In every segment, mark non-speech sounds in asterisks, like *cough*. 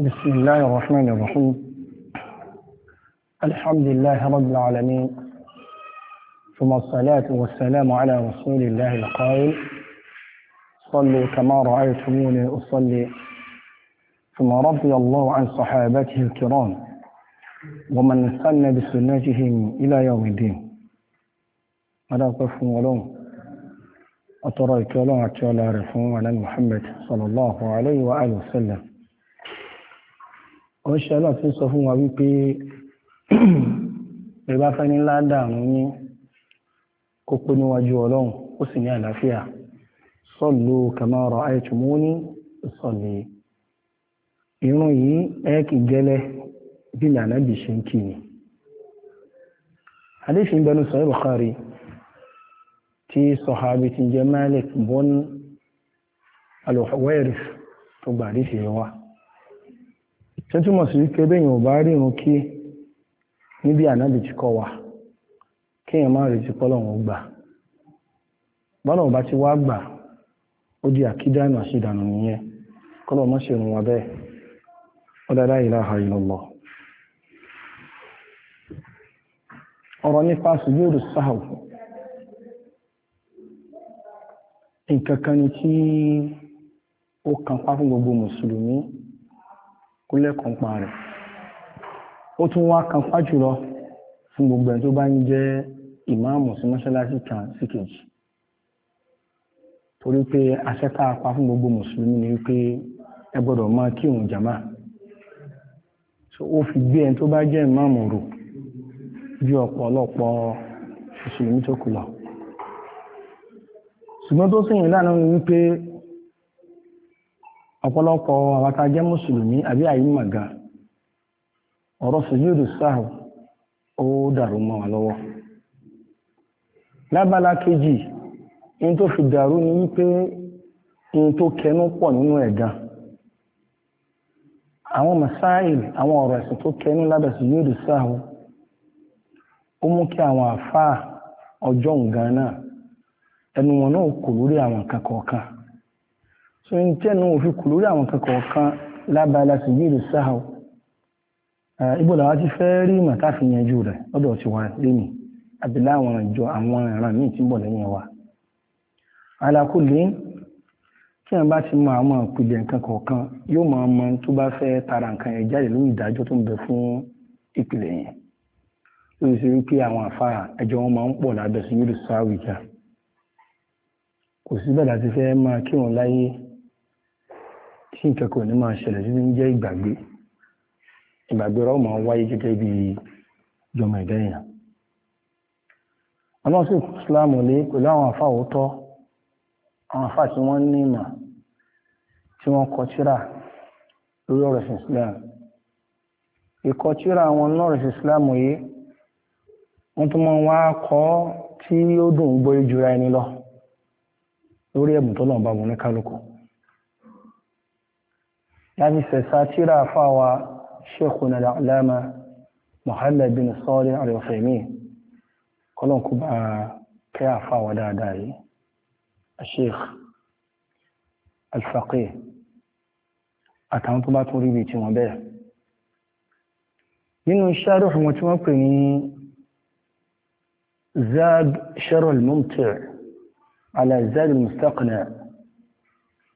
بسم الله الرحمن الرحيم الحمد لله رب العالمين ثم الصلاة والسلام على رسول الله القائل صلوا كما رأيتموني أصلي ثم رضي الله عن صحابته الكرام ومن سن بسنتهم إلى يوم الدين ألا قف ولوم أترى الكلام على محمد صلى الله عليه وآله وسلم ó ṣe náà ti sọ fún wa wípé *clears throat* ẹ bá fẹ́ ní ládàmú ní kókó níwájú ọlọ́run ó sì ní àlàáfíà sọ́ọ̀lù kama ra'aytumuni sọ́ọ̀lù irun yìí ẹ kì gẹ́lẹ́ bí lànà bí ṣe ń kì ní bẹnu sọ́ọ̀lù Bukhari tí sọ̀hábì ti jẹ́ Malik bọ́n al-Huwayrith tó gbà hadith yẹn wá tó túmọ̀ sí wípé bẹ́yìn ò bá rí irun kí níbi ànábì ti kọ́ wa kéèyàn má retí ti wá gbà ó di àkídánù àṣìdànù nìyẹn kọ́lọ̀ mọ́ ṣe rùn wa bẹ́ẹ̀ ó dáadáa la ilaha illallah ọ̀rọ̀ nípa sáhù nǹkan kan ni tí ó kó lẹ́kọ̀ọ́ pa rẹ̀ ó tún wá kan pàjùlọ fún gbogbo ẹ̀ tó bá ń jẹ́ ìmáàmù sí mọ́ṣáláṣí kan sí kejì torí pé a fún gbogbo mùsùlùmí ni wípé ẹ gbọ́dọ̀ máa kí òun jàmá ó fi gbé ẹni tó bá jẹ́ ìmáàmù rò bí ọ̀pọ̀lọpọ̀ mùsùlùmí tó ọ̀pọ̀lọpọ̀ àwọn tá a jẹ́ mùsùlùmí àbí àyímọ̀ ọ̀rọ̀ sùjúdù sáà ó dàrú mọ́ wa lọ́wọ́ lábala kejì in tó fi dàrú ni wípé in tó kẹnú pọ̀ nínú ẹ̀ àwọn masáìlì àwọn ọ̀rọ̀ ẹ̀sìn tó lábẹ́ sùjúdù sáà ó mú kí àwọn àfáà ọjọ́ ǹgan náà ẹnu wọn so n tẹnu òfin kù lórí àwọn kankan kan lábala sùjúdù sáà ibo làwọn ti fẹ́ rí ìmọ̀ táfi yanjú rẹ̀ lọ́dọ̀ ti wá lẹ́nu àbí láwọn ìjọ àwọn ìran míì tí ń bọ̀ lẹ́yìn wa alákùlé tí wọn bá ti mọ àwọn ìpìlẹ̀ nǹkan kọ̀ọ̀kan yóò máa mọ tó bá fẹ́ tara nǹkan yẹn jáde lórí ìdájọ́ tó ń bẹ fún ìpìlẹ̀ yẹn lórí sí wípé àwọn àfáà ẹjọ́ wọn máa ń pọ̀ lábẹ́ sí yóò sáwì jà kò sí bẹ́ẹ̀ láti fẹ́ máa kírun láyé tí nǹkan kò ní máa ṣẹlẹ̀ sí ní jẹ́ ìgbàgbé ìgbàgbé rọ́ máa wáyé gẹ́gẹ́ bí jọmọ ìdẹ́yìn ọlọ́sì islam lé pẹ̀lú àwọn afá òótọ́ àwọn afá tí wọ́n ní ìmọ̀ tí wọ́n kọ lórí ọ̀rọ̀ sí islam ìkọ tírà àwọn lọ́rọ̀ sí islam yìí wọ́n tún máa wá kọ́ tí ó dùn gbọ́ ìjura ẹni lọ lórí ẹ̀bùn tó lọ́nà bá wọn ní kálukú يعني سيساتيرا فاوى شيخنا الأعلام محمد بن صالح العثيمين كلهم كبعا كيا فاوى دا داي الشيخ الفقيه أتنطبات مريبي تيمبيه من الشارح متمكني زاد شر الممتع على زاد المستقنع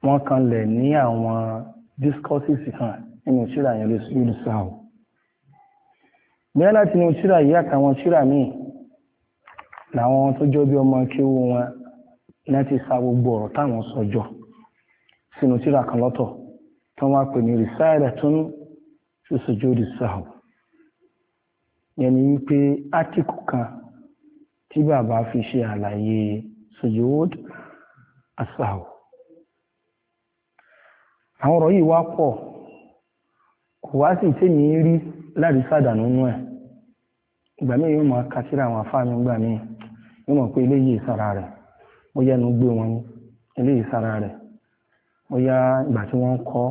ما كان لنيا وما discourses kan nínú ìṣúra yẹn lórí sáà bẹ́ẹ̀ láti inú ìṣúra yìí àtàwọn ìṣúra míì làwọn tó jọ bí ọmọ kí ó wọn láti sa gbogbo ọ̀rọ̀ táwọn sọjọ sínú ìṣúra kan lọ́tọ̀ tó wá pè ní rìsáàdà tó ń ṣoṣojú rí sáà yẹn ni wípé átíkù kan tí bàbá fi ṣe àlàyé sujud asáà àwọn ọ̀rọ̀ yìí wá pọ̀ kò wá sí tèmi rí láti sàdánù nú ẹ̀ ìgbà míì yóò máa ka síra àwọn afáàmì ìgbà míì yóò mọ̀ pé eléyìí sára rẹ̀ ó yẹnu gbé wọn ní eléyìí sára rẹ̀ ó yá ìgbà tí wọ́n ń kọ́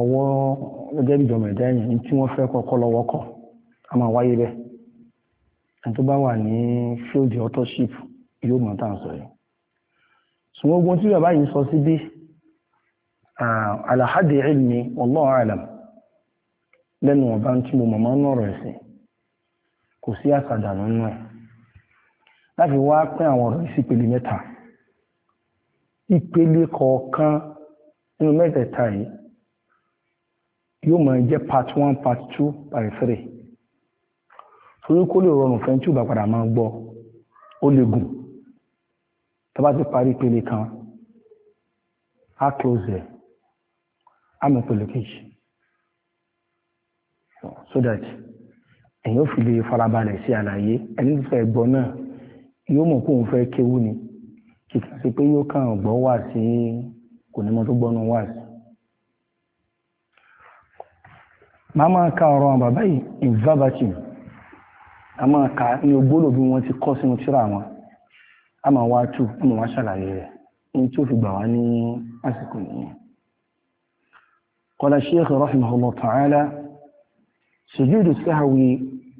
ọwọ́ gẹ́gẹ́ bí ìjọba ẹ̀dá ẹ̀yìn tí wọ́n fẹ́ kọ́kọ́ lọ́wọ́ kọ́ a máa wáyé bẹ́ẹ̀ ẹni tó bá wà على ah, haddi علمي wallahu alam lẹ́nu ọba tí mo كسياسة nọ̀rọ̀ ẹ̀sìn kò sí àsàdànù nù ẹ̀ láti wá pín àwọn ọ̀rọ̀ sí ìpele mẹ́ta ìpele kọ̀ọ̀kan nínú mẹ́tẹ̀ẹ̀ta yìí yóò máa jẹ́ part one part two part three torí kó lè rọrùn fẹ́ ò bá padà máa gbọ́ ó lè gùn tó bá ti parí ìpele kan á close ẹ̀ amọ̀pẹ̀lú kejì so that ẹ̀yin ò fi lè farabalẹ̀ sí àlàyé ẹni tó fẹ́ gbọ́ náà yóò mọ̀ kóun fẹ́ kéwú ni kìkà sí pé yóò kàn gbọ́ wà sí kò ní mọ tó gbọ́nu wà sí. màá máa ka ọ̀rọ̀ àwọn bàbá yìí in verbatim a máa ka ní ogbólò bí wọ́n ti kọ́ sínú tírà wọn a máa wá tù a máa ṣàlàyé rẹ̀ ní tí fi gbà wá ní àsìkò nìyẹn. قال الشيخ رحمه الله تعالى سجود السهو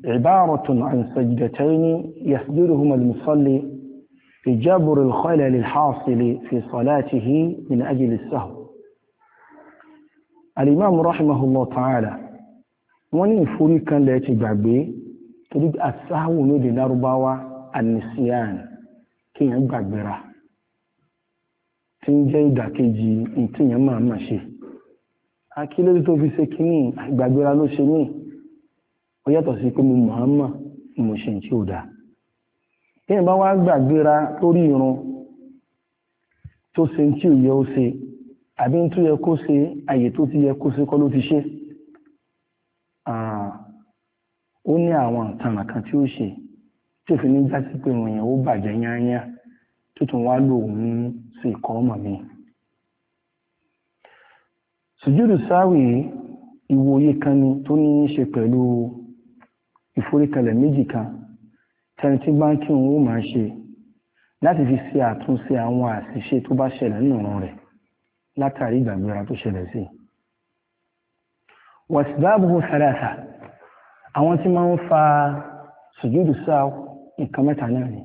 عبارة عن سجدتين يسجدهما المصلي جبر الخلل الحاصل في صلاته من أجل السهو الإمام رحمه الله تعالى wọ́n ìforí لا lẹ́ تريد السهو من àsáhùn النسيان كي anisiyan kíyàn gbàgbéra tí ń jẹ́ ìdàkejì akílódé tó fi ṣe kínní ìgbàgbéra ló ṣe ní ó yàtọ̀ sí pé mo Muhammad ni mo ṣe tí ò dáa bí ẹ̀ bá wá gbàgbéra lórí irun tó ṣe tí ò yẹ ó ṣe àbí tó yẹ kó ṣe àyè tó ti yẹ kó ṣe kọ́ ló ti ṣe ó ní àwọn àtàrà kan tí ó ṣe tí òfin ní jásí pé ìròyìn ó bàjẹ́ yányá tó tún wá lò ó ní sí ìkọ́ ọmọ mi sùjúdù sáwì ìwòye kan ni tó ní í ṣe pẹ̀lú ìforíkalẹ̀ méjì kan tẹni tí báńkì òun ó máa ṣe láti fi ṣe àtúnṣe àwọn àṣìṣe tó bá ṣẹlẹ̀ nínú rẹ̀ látàrí ìgbàgbéra tó ṣẹlẹ̀ sí wàsíbáàbù sàdáàsà àwọn tí máa ń fa sùjúdù sáwì nǹkan mẹ́ta náà ni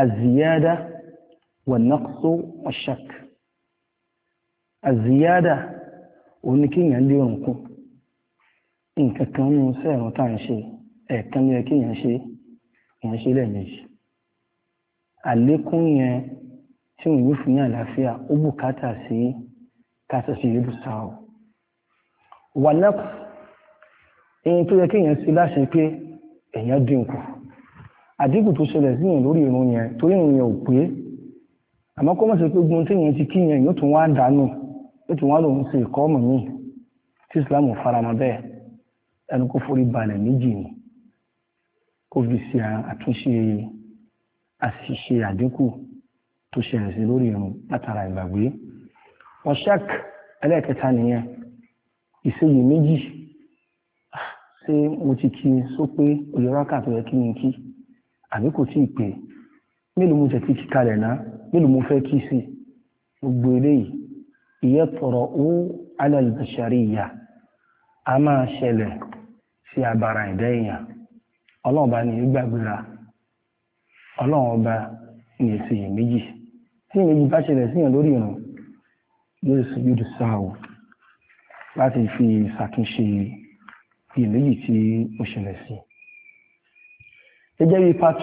àzìyáda wà naqsu wà àzíyádà oníkéèyàn lé òǹkún nǹkan kan nínú sẹ́ẹ̀rùn tá à ń ṣe ẹ̀ẹ̀kan ló yẹ kéèyàn ṣe èèyàn ṣe lẹ́ẹ̀mejì àlékún yẹn tí òun yóò fún ní àlàáfíà ó bùkátà sí kátà sí yóò sáà wà lápò èyí tó yẹ kéèyàn sí láṣẹ pé èèyàn dínkù àdínkù tó ṣẹlẹ̀ síyàn lórí ìrun yẹn torí ìrun yẹn ò pé àmọ́ kọ́mọ̀sí pé gbọ́n tí èèyàn ti kíyàn yóò tún wá dànù ó ti wọ́n lòun ṣe ìkọ́mù míì tí islam faramọ́ bẹ́ẹ̀ ẹnu kó forí balẹ̀ méjì ni kó fi ṣe àtúnṣe àṣìṣe àdínkù tó ṣẹlẹ̀ sí lórí irun látara ìgbàgbé wọ́n ṣẹ́k ẹlẹ́ẹ̀kẹta nìyẹn ìṣèyí méjì ah, ṣé mo ti kí sópé olùrákà tó yẹ kí n kí àbí kò tí ì pè mélòó mo jẹ kí kí kalẹ̀ náà mélòó mo fẹ́ kí sí gbogbo eléyìí ụmụ ala al-bashariyya a máa ṣẹlẹ sí abara ẹ̀dá èèyàn ọlọ́run bá ní gbàgbéra ọlọ́run bá méjì tí ìyẹn bá ṣẹlẹ̀ síyàn lórí ìrùn fi ṣàtúnṣe ìyẹn méjì tí ó ṣẹlẹ̀ sí. gẹ́gẹ́ bí part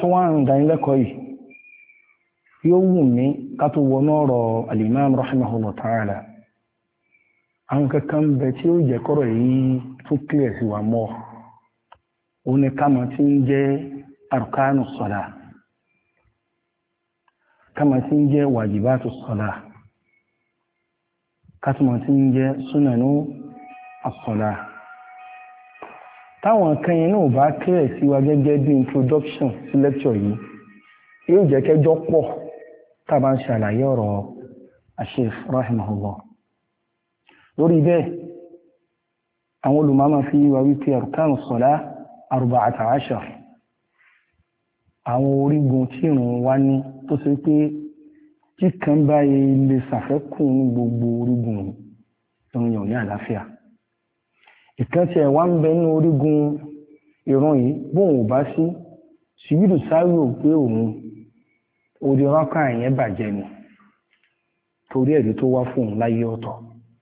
yóò wù mí ká tó wọnú ọ̀rọ̀ alimam rahimahullah àwọn kankan bẹ tí ó jẹ́ kọ́rọ̀ yìí clear sí wa mọ́ ó ní káma tí ń jẹ́ arkanu sọ̀la káma tí ń jẹ́ wàjibátù sọ̀la kátùmọ̀ tí ń jẹ́ súnanú táwọn náà bá clear sí wa gẹ́gẹ́ bí introduction sí lecture yìí yóò jẹ́ tàbá ń ṣàlàyé ọ̀rọ̀ ashef rahimahullah lórí bẹ́ẹ̀ àwọn olùmọ́mọ́ fi wà wípé arkanu sọ̀lá arba'ata ashar àwọn orígun tí ìrun wá ní tó ṣe pé kíkan báyìí lè ṣàfẹ́kùn ní gbogbo orígun ìrun yàn ní àlàáfíà ìkan tí ẹ̀wà ń bẹ ní orígun ìran yìí bóun ò bá sí ṣùgbọ́n sáré ò òun orí rákà yẹn bàjẹ́ ni torí ẹ̀rí tó wá fún láyé ọ̀tọ̀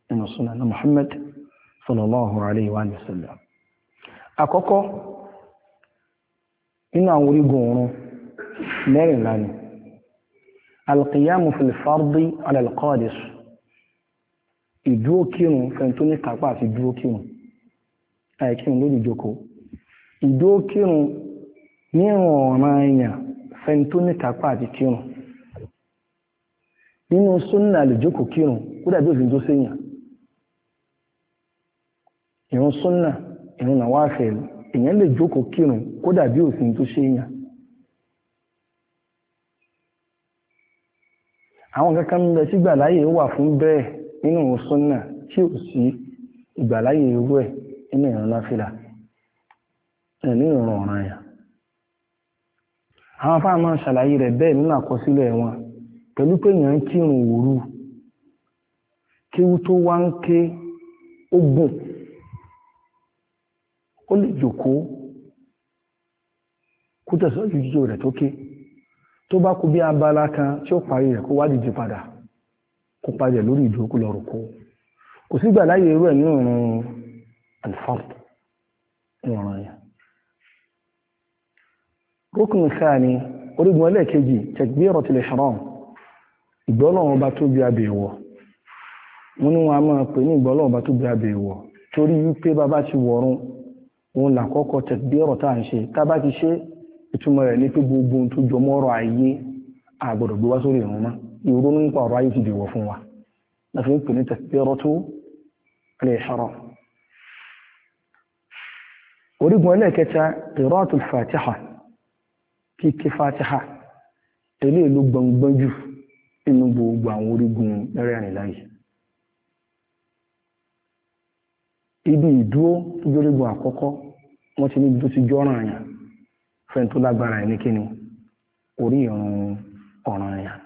nínú súnà ní Muhammad sallallahu alayhi wa sallam àkọ́kọ́ nínú àwọn orígun oorun mẹ́rìnlá ni alqiyamu fil fardi ìdúró kírun fẹ́ni ní kápá àti ìdúró kírun àìkírun lórí ìjókòó ìdúró kírun ní ọ̀ràn èèyàn fẹ́ni tó ní kápá àti kírun nínú súnnà lè jókòó kírun kó dàbí òfin tó séyàn náà wá fẹ́ èèyàn lè jókòó kírun òfin tó àwọn kankan ń bẹ tí gbàláyè wà fún bẹ́ẹ̀ nínú tí ò sí ìgbàláyè irú ẹ̀ nínú nínú àwọn afá máa ṣàlàyé rẹ̀ bẹ́ẹ̀ nínú àkọsílẹ̀ wọn pẹ̀lú pé èèyàn ń kírun òru kéwú tó wá ń ké ó gùn ó lè jòkó kó tẹ̀sán ju jíjó rẹ̀ tó ké tó bá kú bí abala kan tí ó parí rẹ̀ kó wá dìde padà kó parí lórí ìdókù lọ́rùn kó kò sígbà láyé irú ẹ̀ ní ọ̀run alfarb ní ọ̀ràn yẹn rukun sáàni orígun ẹlẹ́ẹ̀kejì takbiratul ihram ìgbọ́lọ́wọ́ bá tó bí abẹ̀wọ̀ wọ́n ní wọn a máa pè ní ìgbọ́lọ́wọ́ bá tó bí abẹ̀wọ̀ torí wípé bàbá ti wọ̀run òun làkọ́kọ́ takbirọ̀ tá à ń ṣe tá bá ti ṣe ìtumọ̀ rẹ̀ ní pé gbogbo ohun tó jọmọ́ ọ̀rọ̀ ayé àgbọ̀dọ̀ gbé wá sórí ìrún mọ́ ìrún nípa ọ̀rọ̀ ayé ti dìwọ̀ fún wa láti ń pè ní takbiratul ihram orígun ẹlẹ́ẹ̀kẹta qira'atul fatiha kíké fatiha eléyìí ló gbọngbọn jù nínú gbogbo àwọn orígun mẹ́rẹ̀ẹ̀rin láyé ibi ìdúró tó jórígun àkọ́kọ́ wọ́n ti níbi tó ti jọ́ràn àyàn fẹ́ni tó lágbára ẹ̀ ní kíni orí ìrun ọ̀ràn àyàn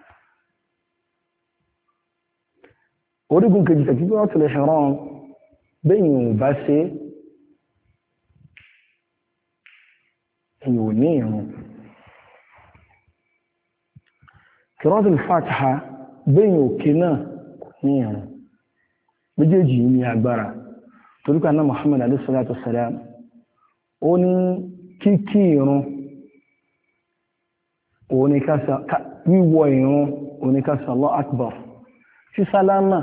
orígun kejì tẹ̀kí bí wọ́n tilẹ̀ ṣẹ̀rán bẹ́yìn ò bá ṣe èyàn ò ní ìrun kìrọ́dùn fàtàhà bẹ́yìn òkè náà ní ìrìn méjèèjì ní agbára torípa náà Muhammad alisalatu salam ó ní kíkí ìrun wíwọ ìrun oníkásà Allah akbar sísálámà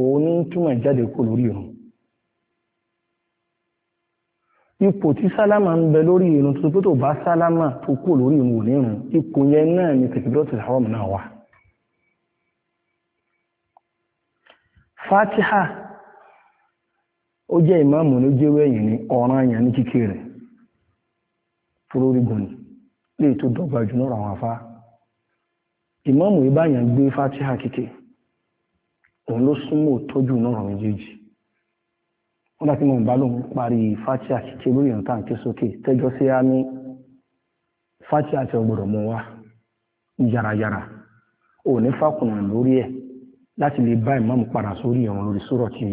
òun ní túnmọ̀ jáde kó lórí ìrun ipò tí sálámà ń bẹ lórí irun tó pé tó bá sálámà tó kò lórí irun onírun ipò yẹn náà ni haram náà wà. fatiha ó jẹ́ ìmáàmù ló jẹ́wọ́ ẹ̀yìn ní ọ̀ràn àyàn ní kíkẹ́ rẹ̀ fúrórígbọ̀n le lè tó dọ́gba jù afa. àwọn afá ìmáàmù ìbáyàn gbé fatiha kíkẹ́ òun ló súnmọ́ tọ́jú wọ́n dá sí mọ̀ ìbálòun parí fátíà ṣíṣe lórí ìrántà àti sókè tẹ́jọ́ sí á ní fátíà àti ọgbọ̀rọ̀ mọ́ wá yàrá ò ní fàkùnà lórí ẹ̀ láti lè bá ìmáàmù padà sórí ìrun lórí sórọ̀ tí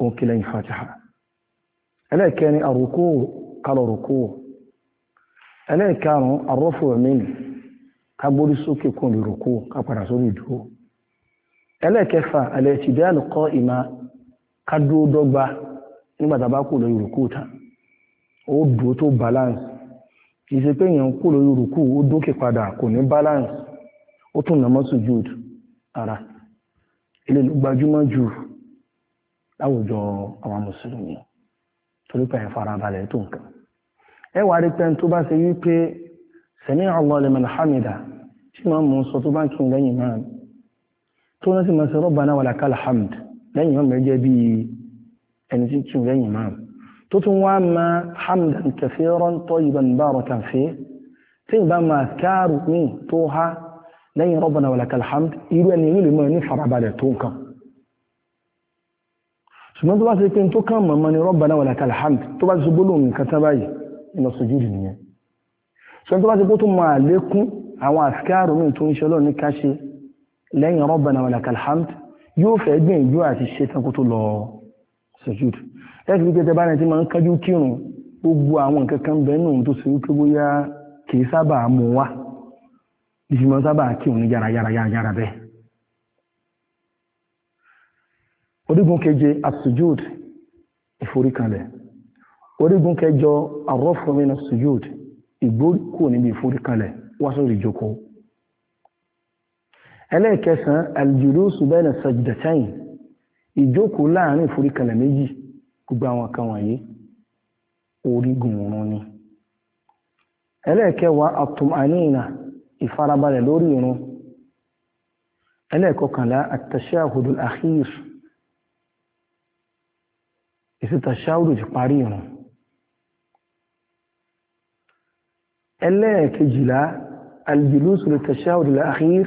ó kí lẹ́yìn ẹlẹ́ẹ̀kẹ́ni kálọ̀ ún ká sókè kún ká dúró dọ́gba nígbà tá a bá kù lórí rùkú ta ó dúró tó balance kì í ṣe pé èèyàn kù lórí rùkú ó dókè padà kò ní balance ó tún nàmọ́ sùjúd ara ilé ló gbajúmọ̀ jù láwùjọ àwọn mùsùlùmí torí pé ìfarabalẹ̀ tó nǹkan ẹ wà rí pẹ́ntó bá ṣe wípé sami'a Allahu liman hamida tí wọ́n mú sọ tó bá ń kí lẹ́yìn náà tó náà sì máa ṣe rabbana wa lakal hamd lẹ́yìn ọmọ ẹjẹ́ bí ẹni tí tún lẹ́yìn máa tó tún wá ma hamdan kathiran tayyiban barakan fi tí ìbá ma káàrù ní tó ha lẹ́yìn rabbana walakal hamd irú ẹni ìlú mọ́ ní farabalẹ̀ tó nǹkan ṣùgbọ́n tó bá ṣe pé tó kàn mọ́ ní rabbana walakal hamd tó bá ṣe gbólóhùn nǹkan tá báyìí ìlọ sujúdù nìyẹn ṣùgbọ́n yóò fẹ́ gbìn ìjó àti ṣetán kó tó lọ sojúd ẹ̀sì wípé tẹ bá ti máa ń kájú kírun gbogbo àwọn nǹkan kan bẹ́ẹ̀ nù tó ṣe wípé bóyá kì í sábà mú wá ìfi máa ń sábà kírun ní yára yára yára bẹ́ẹ̀. orígun keje orígun kẹjọ ìgbóríkò níbi ìjókòó ẹlẹ́ẹ̀kẹsàn-án aljulusu bayna sajdatayn ìjókòó láàrin ìforíkalẹ̀ méjì gbogbo àwọn kan wọ̀nyí orígun òrun ni ẹlẹ́ẹ̀kẹwàá atum'anina ìfarabalẹ̀ lórí irun ẹlẹ́ẹ̀kọkànlá at-tashahudul akhir ìsìtàṣáhùdù ti parí irun ẹlẹ́ẹ̀kejìlá aljulusu litashahudul akhir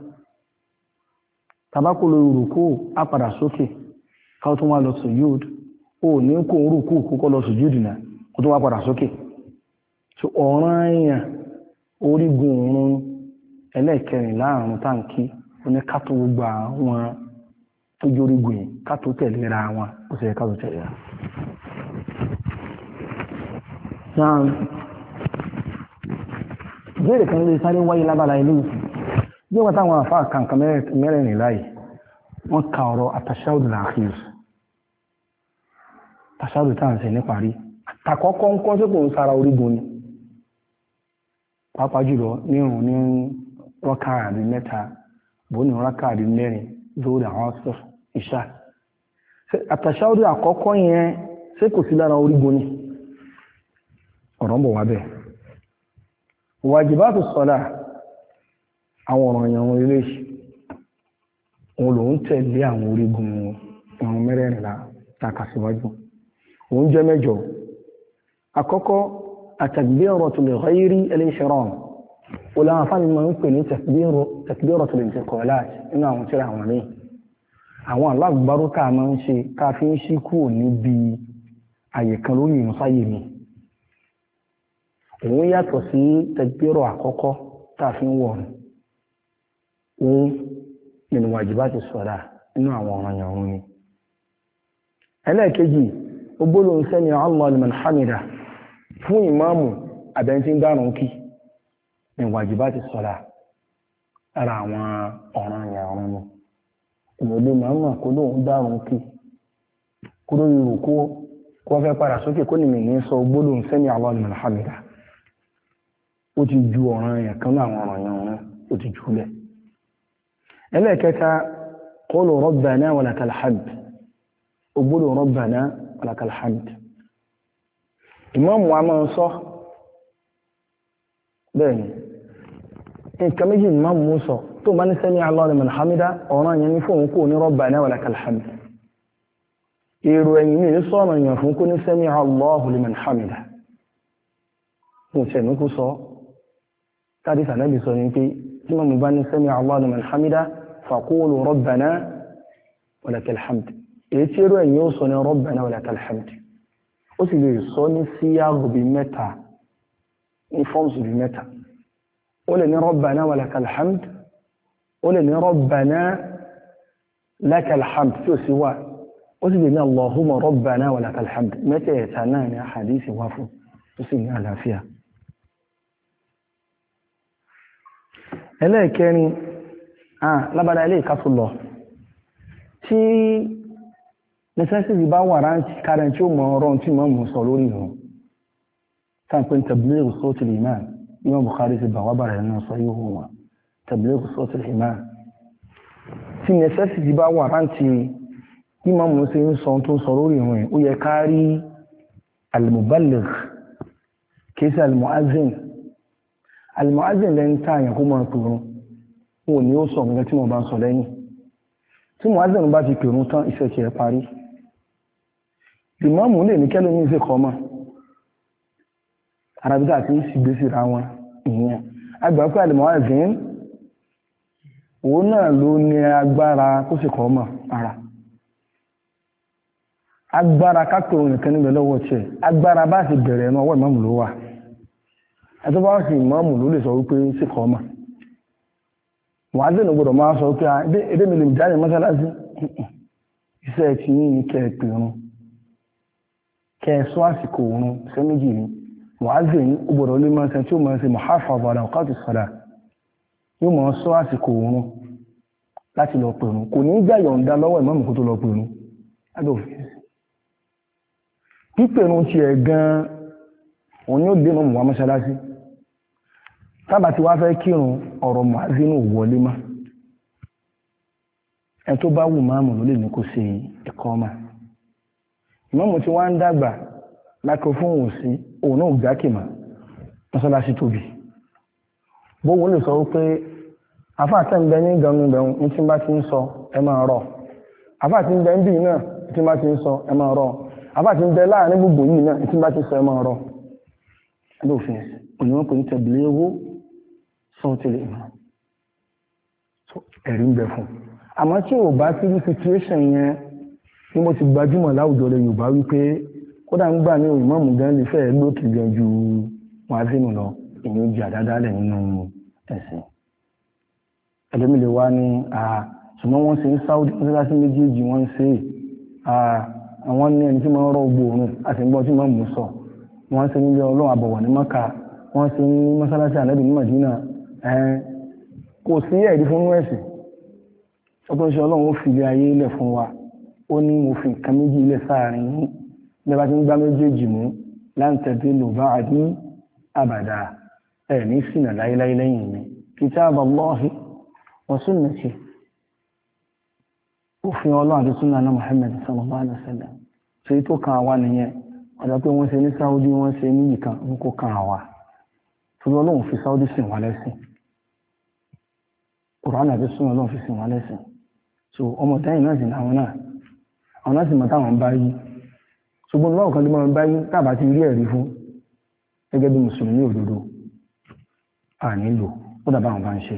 tàbákòlò rùkú á sókè káwọ́ wá lọ sùjúd ó ní kó rùkú kókó lọ sùjúd náà kó tó wá sókè so ọ̀ràn anya orígun òun ẹlẹ́ẹ̀kẹrin láàrùn táǹkì oníkàtó gbogbo àwọn tó jórígun yìí kàtó wọn ó sì yẹ kàtó kan lè sáré yóò wá táwọn àfáà kàǹkà mẹ́rẹ̀ẹ̀rin láyìí wọ́n ka ọ̀rọ̀ àtàṣáòdù làákìr àtàṣáòdù táà ń ṣe ní parí àtàkọ́kọ́ ń kọ́ sípò sara sára goni ni pàápàá jùlọ nírun ní rọ́kà àbí mẹ́ta bóni rọ́kà àbí mẹ́rin lórí àwọn ọ̀sọ̀ ìṣá àtàṣáòdù àkọ́kọ́ yẹn kò sí lára orígun ni ọ̀rọ̀ ń bọ̀ àwọn ọ̀ràn èèyàn wọn eléyìí òun lòun tẹ̀lé àwọn orígun ìran mẹ́rẹ̀ẹ̀rìnlá tàkà síwájú òun jẹ́ mẹ́jọ àkọ́kọ́ àtàgbératul ghayri al-ihram ó láwọn afáàmì máa ń pè ní takbiratul intiqalat nínú àwọn tíra àwọn míì àwọn alágbárò tá máa ń ṣe ká fi ń ṣí kúrò níbi àyè kan lórí ìrúnsáyè mi òun yàtọ̀ sí takbira àkọ́kọ́ tá a fi ń wọ̀rùn ní nínú wàjibáti sọ̀rà nínú àwọn ọ̀ràn yọ̀run ni ẹlẹ́ẹ̀kejì ogbólóhùn sẹ́ni ala hamida fún ìmáàmù àbẹ̀ntín dárùn kí ní wàjibáti sọ̀rà ara àwọn ọ̀ràn yọ̀run ni ìmọ̀lẹ́ màmá kó lóhùn dárùn kí kúrò yòrò kó kó fẹ́ padà sókè kó hamida ju ẹlẹ́ẹ̀kẹta kọlù rọ́bàná wàlàkàlhàmd ogbólò rọ́bàná wàlàkàlhàmd ìmọ́mù wa máa ń sọ bẹ́ẹ̀ni nǹkan méjì ìmọ́mù mú sọ tó bá ní sẹ́mi aláàrẹ mọ̀lhámídá ọ̀ràn yẹn ní fóun kò ní rọ́bàná wàlàkàlhàmd èrò ẹ̀yìn mi ní sọ́ọ̀rọ̀ yẹn fún kó ní sẹ́mi aláàrẹ mọ̀lhámídá mo ṣẹ̀ ní sọ tádìsà sọ ní pé tí bá ní sẹ́mi aláàrẹ mọ̀lhámídá fàkóòlù rọ́bẹ̀nà wàlàkàlhàmdì èyí tí ẹrù ẹ̀yìn ó sọ ní rọ́bẹ̀nà wàlàkàlhàmdì ó sì lè sọ ní síyáàgù bí mẹ́ta ní fọ́ọ̀mù bí mẹ́ta ó lè ní rọ́bẹ̀nà wàlàkàlhàmdì ó lè ní rọ́bẹ̀nà lákàlhàmdì tí ó sì wà ó sì lè ní allahumma rọ́bẹ̀nà wàlàkàlhàmdì Ah, lábàdá ilé ìkásù lọ tí necessity bá wà ráńtì karen tí ó mọ ọ̀rọ̀ tí mọ mọ sọ lórí ìhùn sáàpé tàbílẹ̀kù sọ́ọ̀tì ìmá Imam Bukhari ti bà wá bàrẹ̀ nínú sọ yóò hùn wọn tàbílẹ̀kù sọ́ọ̀tì ìmá tí necessity bá wà ráńtì bí mọ mọ sí ń sọ tó sọ lórí ìhùn ó yẹ ká rí kìí sí al-mu'azzin lẹ́yìn táyà kó mọ pèrún wọn ò ní ó sọ nǹkan tí mo bá ń sọ lẹ́yìn tí mo azẹ́nu bá ti pèrún tán iṣẹ́ ti ẹ̀ parí ìmáàmù lè ní kẹ́lẹ́ ní ìṣèkọ́ mọ́ arábíkà tí ń ṣìgbé síra wọn ìyẹn àgbà pé àlèmọ́ àzín òun náà ló ní agbára kó ṣèkọ́ mọ́ ara agbára kápẹ́ òun nìkan níbẹ̀ lọ́wọ́ tiẹ̀ agbára bá ti bẹ̀rẹ̀ ẹnu ọwọ́ ìmáàmù ló wà ẹjọ́ bá sì ìmáàmù ló lè sọ wípé ṣèkọ́ mọ́ mùsùlùmí gbọ́dọ̀ máa sọ pé èdè mi lè jáde mọ́sálásí iṣẹ́ ti yín ni kẹ́ ẹ pè run kẹ́ ẹ sọ àsìkò òun ṣe méjì ni mùsùlùmí gbọ́dọ̀ lè máa ṣe tí ó máa ṣe muhafaza ala awqati salat yóò máa sọ àsìkò òun láti lọ pè run kò ní í gbà yọ̀ǹda lọ́wọ́ ìmáàmù kó tó lọ pè lábẹ́ òfin pípè tiẹ̀ gan-an òun yóò dé mọ́ mọ́ mọ́sálásí tábà tí wá fẹ́ kírun ọ̀rọ̀ muhazinu wọlé mọ́ ẹni tó bá wù máàmù ló lè ní kó ṣe ẹ̀kọ́ mà ìmáàmù tí wọ́n ń dàgbà máikrófóònù òsì òun náà gbákè mà mọ́sálásí tóbi gbogbo lè sọ wípé àfáà tẹ́ ń bẹ ní ganu bẹ̀rù ní tí bá ti ń sọ ẹ máa rọ̀ àfáà tí ń bẹ ń bì náà ní tí bá ti ń sọ ẹ máa rọ̀ àfáà tí ń bẹ láàrin gbogbo yìí náà ní tí bá ti ń sọ ẹ máa rọ̀ ẹ lófin òní wọn kò ní tẹ̀lé owó sọ́tìlì ìmọ̀ ẹ̀rí ń bẹ fún àmọ́ tí ò bá sí situation yẹn ni mo ti gbajúmọ̀ láwùjọ lẹ Yorùbá wípé kódà ń gbà ní ìmáàmù gan lè fẹ́ẹ̀ lókè gan ju màásìmù lọ èyí jà dáadáa lẹ̀ nínú ẹ̀sìn ẹlẹ́mi lè wá ní ṣùgbọ́n wọ́n ṣe ń Saudi mọ́sálásí méjèèjì wọ́n ń ṣe àwọn ní ẹni tí máa ń rọ gbòòrùn àti ìgbọ́n tí máa ń mú sọ wọ́n ṣe nílé Ọlọ́run àbọ̀wọ̀ ní Maka wọ́n ṣe ní mọ́sálásí ànábì ní Madina kò sí ẹ̀rí fún ẹ̀sìn ọgbọ́n ṣe ọlọ́run ó fi ayé ilẹ̀ fún wa ó ní mo fi nǹkan méjì ilẹ̀ sáàrin yín lẹ́bàá tí ń gbá méjèèjì mú láǹtẹ̀dé bá àdí àbàdà ẹ̀ ní sínà lẹ́yìn mi òfin ọlọ́run àti súnà náà tó kan àwa nìyẹn kùránà àti súnmọ́ lọ́n fi sìn wọ́n lẹ́sìn so ọmọ tẹ́yìn náà sì ní àwọn náà àwọn náà sì mọ̀ táwọn bá yí ṣùgbọ́n báwo kan ló máa bá yí tábà ti rí ẹ̀rí fún gẹ́gẹ́ bí mùsùlùmí òdodo a nílò ó dàbá àwọn bá ń ṣe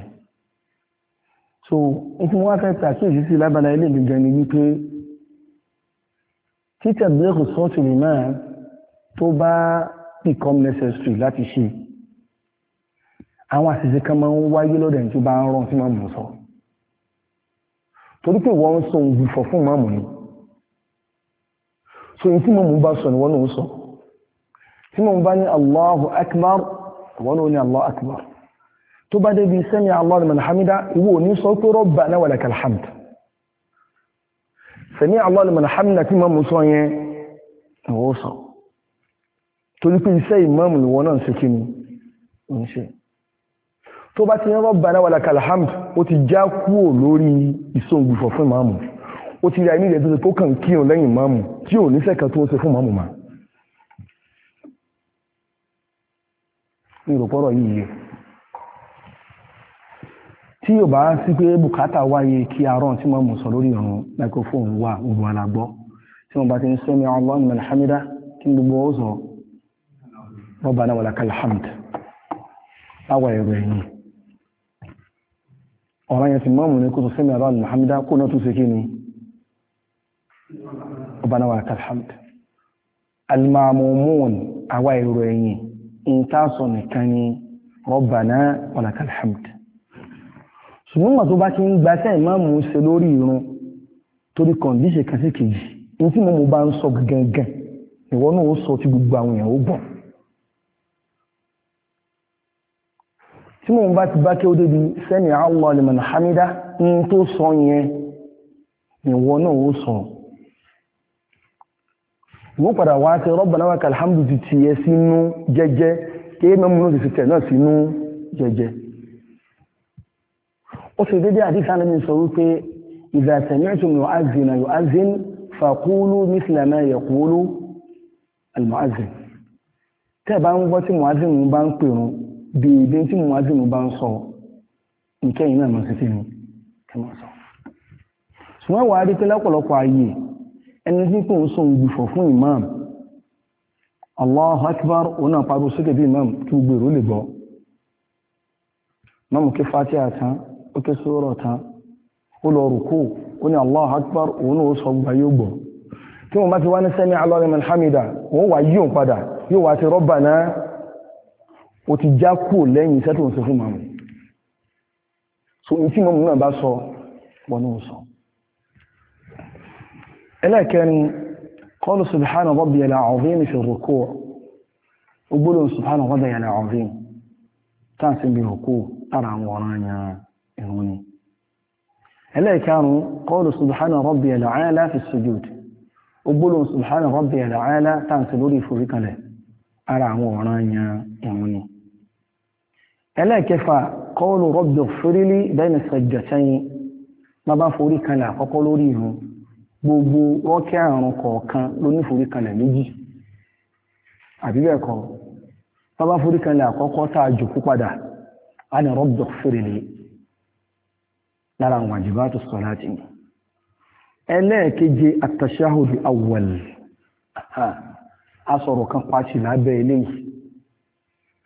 so n fún wa fẹ́ ta kí èsì sí lábala ilé gẹ́gẹ́ ni wípé títẹ̀ bí ẹ̀kọ́ sọ́ọ̀tì rẹ̀ náà tó bá become necessary láti ṣe àwọn àṣìṣe kan máa ń wáyé lọ́dọ̀ ẹni tó bá ń rán sí mọ́mù sọ torí pé wọ́n ń sọ ògùn fọ̀ fún mọ́mù ni so yìí tí mọ́mù bá sọ ni wọ́n náà sọ tí mọ́mù bá ní Allahu akbar wọ́n náà ní Allahu akbar tó bá débi sẹ́mi Allahu liman hamida ní sọ pé rabbana wa lakal hamd sẹ́mi Allahu liman tí mọ́mù sọ yẹn ìwọ sọ torí pé iṣẹ́ ìmọ̀mù ni wọ́n náà ń ṣe kí ni ń ṣe tó bá ti ní Rabbana walakal hamd ó ti já kúrò lórí ìsòǹgbùfọ̀ fún màmù ó ti ra ilé ìdẹ́tọ́ tó kàn kírun lẹ́yìn màmù tí ò níṣẹ́ kan tó ṣe fún màmù mà. ìròpọ̀rọ̀ yìí yẹ tí yóò bá sí pé bùkátà wáyé kí arán tí màmù sọ lórí ìrùn microphone wà gbogbo alágbọ́ tí wọ́n bá ti ń sẹ́mi Allahu liman hamida kí gbogbo ó sọ Rabbana walakal hamd. Awa ẹ̀rọ ẹ̀yìn ọ̀rọ̀ yẹn ti mọ́mù ní kúrò sẹ́mì àbá alhamdá kó náà tún sí kí ni ọbanáwà kalhamd almamumun àwa èrò ẹ̀yìn in tásọ nìkan ni rọ́bàná ọ̀nà kalhamd ṣùgbọ́n mà tó bá kí ń gba tẹ́ ìmáàmù ṣe lórí irun torí kọ̀ǹdíṣe kan sí kejì in tí mo bá ń sọ gangan ìwọ náà ó sọ ti gbogbo àwọn èèyàn ó gbọ̀n tí mò ń bá ti bá kí ó débi sẹ́ni àwọn alìmọ̀nà hamida ń tó sọ yẹn ìwọ náà ó sọ ìwọ padà wá sí rabbana wa lakal hamdu ti tiẹ̀ sínú jẹ́jẹ́ kí é mẹ́mú lóṣù tẹ̀ náà sínú jẹ́jẹ́ ó sì dédé àdísá lẹ́nu sọ wípé idha sami'tum yu'adhdhina yu'adhdhin faqulu mithla ma yaqulu al-mu'adhdhin tẹ́ẹ̀ bá ń gbọ́ tí mu'adhdhin bá ń pèrún dèédé tí mo wájú mo ba ń nke nǹkan na náà mọ̀ sí kíni ẹ máa sọ. ṣùgbọ́n wàá ayé ẹni tí kò ń sọ fún imam allah akbar òun náà sókè bí imam kí gbogbo lè gbọ́. imam kí fatiha tán ó ké sórọ̀ tán ó lọ rùkú ó ní Allahu akbar òun ó sọ gbọ́. tí mo bá ti wá ní o ti já kúrò lẹ́yìn iṣẹ́ tó ń ṣe fún màmù so in tí màmù náà bá sọ wọnú sọ ẹlẹ́kẹrin kọlu subhana rabbiyal azim fi ruku' ogbólò subhana rabbiyal azim tán sí bí ruku' tara àwọn ọ̀ranyàn ìrun ni ẹlẹ́kẹrin kọlu subhana rabbiyal a'la fi sujud ogbólò subhana rabbiyal a'la tán sí lórí ara àwọn ọ̀ranyàn ìrun ni ẹlẹ́ẹ̀kẹfà kọ́ọ̀lù rọ́bdọ̀ fúrílì bẹ́ẹ̀ni sọ̀jọ̀sẹ́yìn bá bá forí kalẹ̀ àkọ́kọ́ lórí ìrun gbogbo rọ́kẹ́ àrùn kọ̀ọ̀kan ló forí kalẹ̀ méjì àbí bẹ́ẹ̀ bá forí kalẹ̀ àkọ́kọ́ tá a jòkó padà á ní rọ́bdọ̀ fúrílì lára àwọn àjùbá tó sọ láti ní ẹlẹ́ẹ̀keje àtàṣáhùdù a sọ̀rọ̀ kan pàṣẹ lábẹ́ eléyìí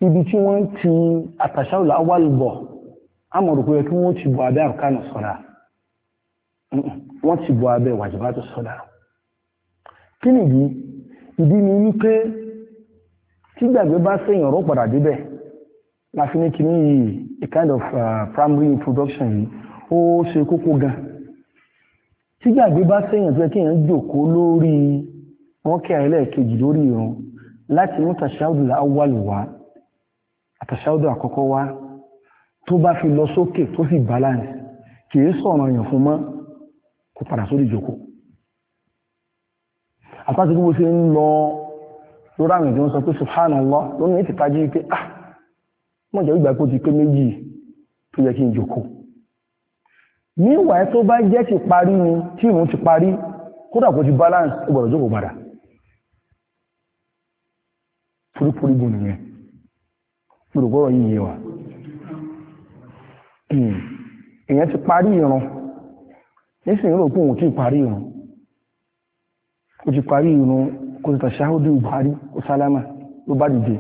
ibi tí wọ́n ti àtàṣàwòlá awálùbọ̀ àmọ̀rò pé kí wọ́n ti bọ̀ abẹ́ àrùkánù sọ́dá wọ́n ti bọ̀ abẹ́ wàjìbá tó sọ́dá kí nìdí ìdí ni wípé tí gbàgbé bá sẹ́yìn ọ̀rọ̀ padà débẹ̀ láfi ní kíní yìí a kind of uh, primary introduction yìí ó ṣe kókó gan tí gbàgbé bá sẹ́yìn ọ̀rọ̀ kí èèyàn jòkó lórí wọ́n kí àìlẹ́ẹ̀kejì lórí ìrun láti mú tàṣàwòlá awálùwàá àtàṣáódò àkọ́kọ́ wá tó bá fi lọ sókè tó sì balance kì í sọ̀rọ̀ èèyàn fún mọ́ kó padà sórí ìjòkó àpáti bí mo ṣe ń lọ lórí àwọn ìdí wọn sọ pé subhanallah ló ní ìtìtajú pé ah wọ́n jẹ́ ìgbà pé ó ti pé méjì tó yẹ kí n jòkó níwàá tó bá jẹ́ ti parí ni tí ìrun ti parí kódà kò ti balance ó gbọ́dọ̀ jókòó padà foríforí gùn gbòrògbòrò yìí ihe wa hmm. ti parí irun nísìnyí rò pé òun ti parí irun ó ti parí irun kò sì tàṣáhódì ìbárí kò sálámà ló bá dìde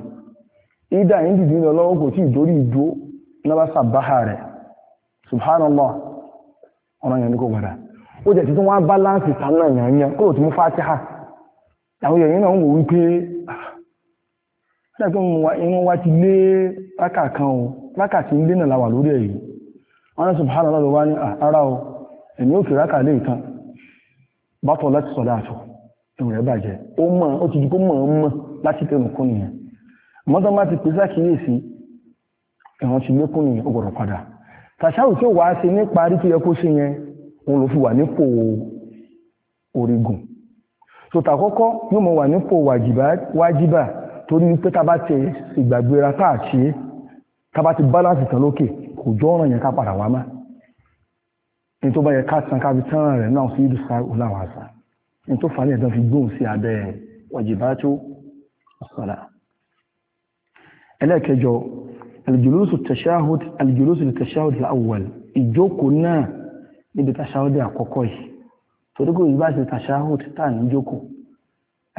ìdá yìí dìde kò tí ìdórí ìdó sàbáhà rẹ̀ subhanallah ọ̀rọ̀ yẹn ní kò ó jẹ́ títún wá báláǹsì kó tí ṣẹ́kùn ìwọ̀n wá ti lé rákà kan o rákà tí ń dínà láwà lórí èyí wọ́n subhanahu lọ́dọ̀ wá ní ara ah, o èmi ò kì rákà lè tán bátọ̀ láti sọ̀dá àtọ̀ ẹ̀rùn rẹ̀ bàjẹ́ ó mọ̀ ó ti di kó mọ̀ ń mọ̀ láti tẹnu kún nìyẹn mọ́tọ́ má so tàkọ́kọ́ yóò mọ̀ wà nípò wàjìbà torí pé tá a bá ti ìgbàgbéra tá ṣe tá a ti balance tán lókè kò jọ ọ̀ràn yẹn ká padà wá má ní tó bá yẹ ká san kábi tán rẹ̀ náà sí ìlú sáà láwọn àṣà ní tó fà á nìyẹn tán fi gbóhùn sí abẹ́ wajibatu as-salat ẹlẹ́ẹ̀kẹjọ aljulusu tashahud aljulusu ìjókòó náà níbi tashahud àkọ́kọ́ yìí torí kò yìí bá ṣe tashahud tá ní jókòó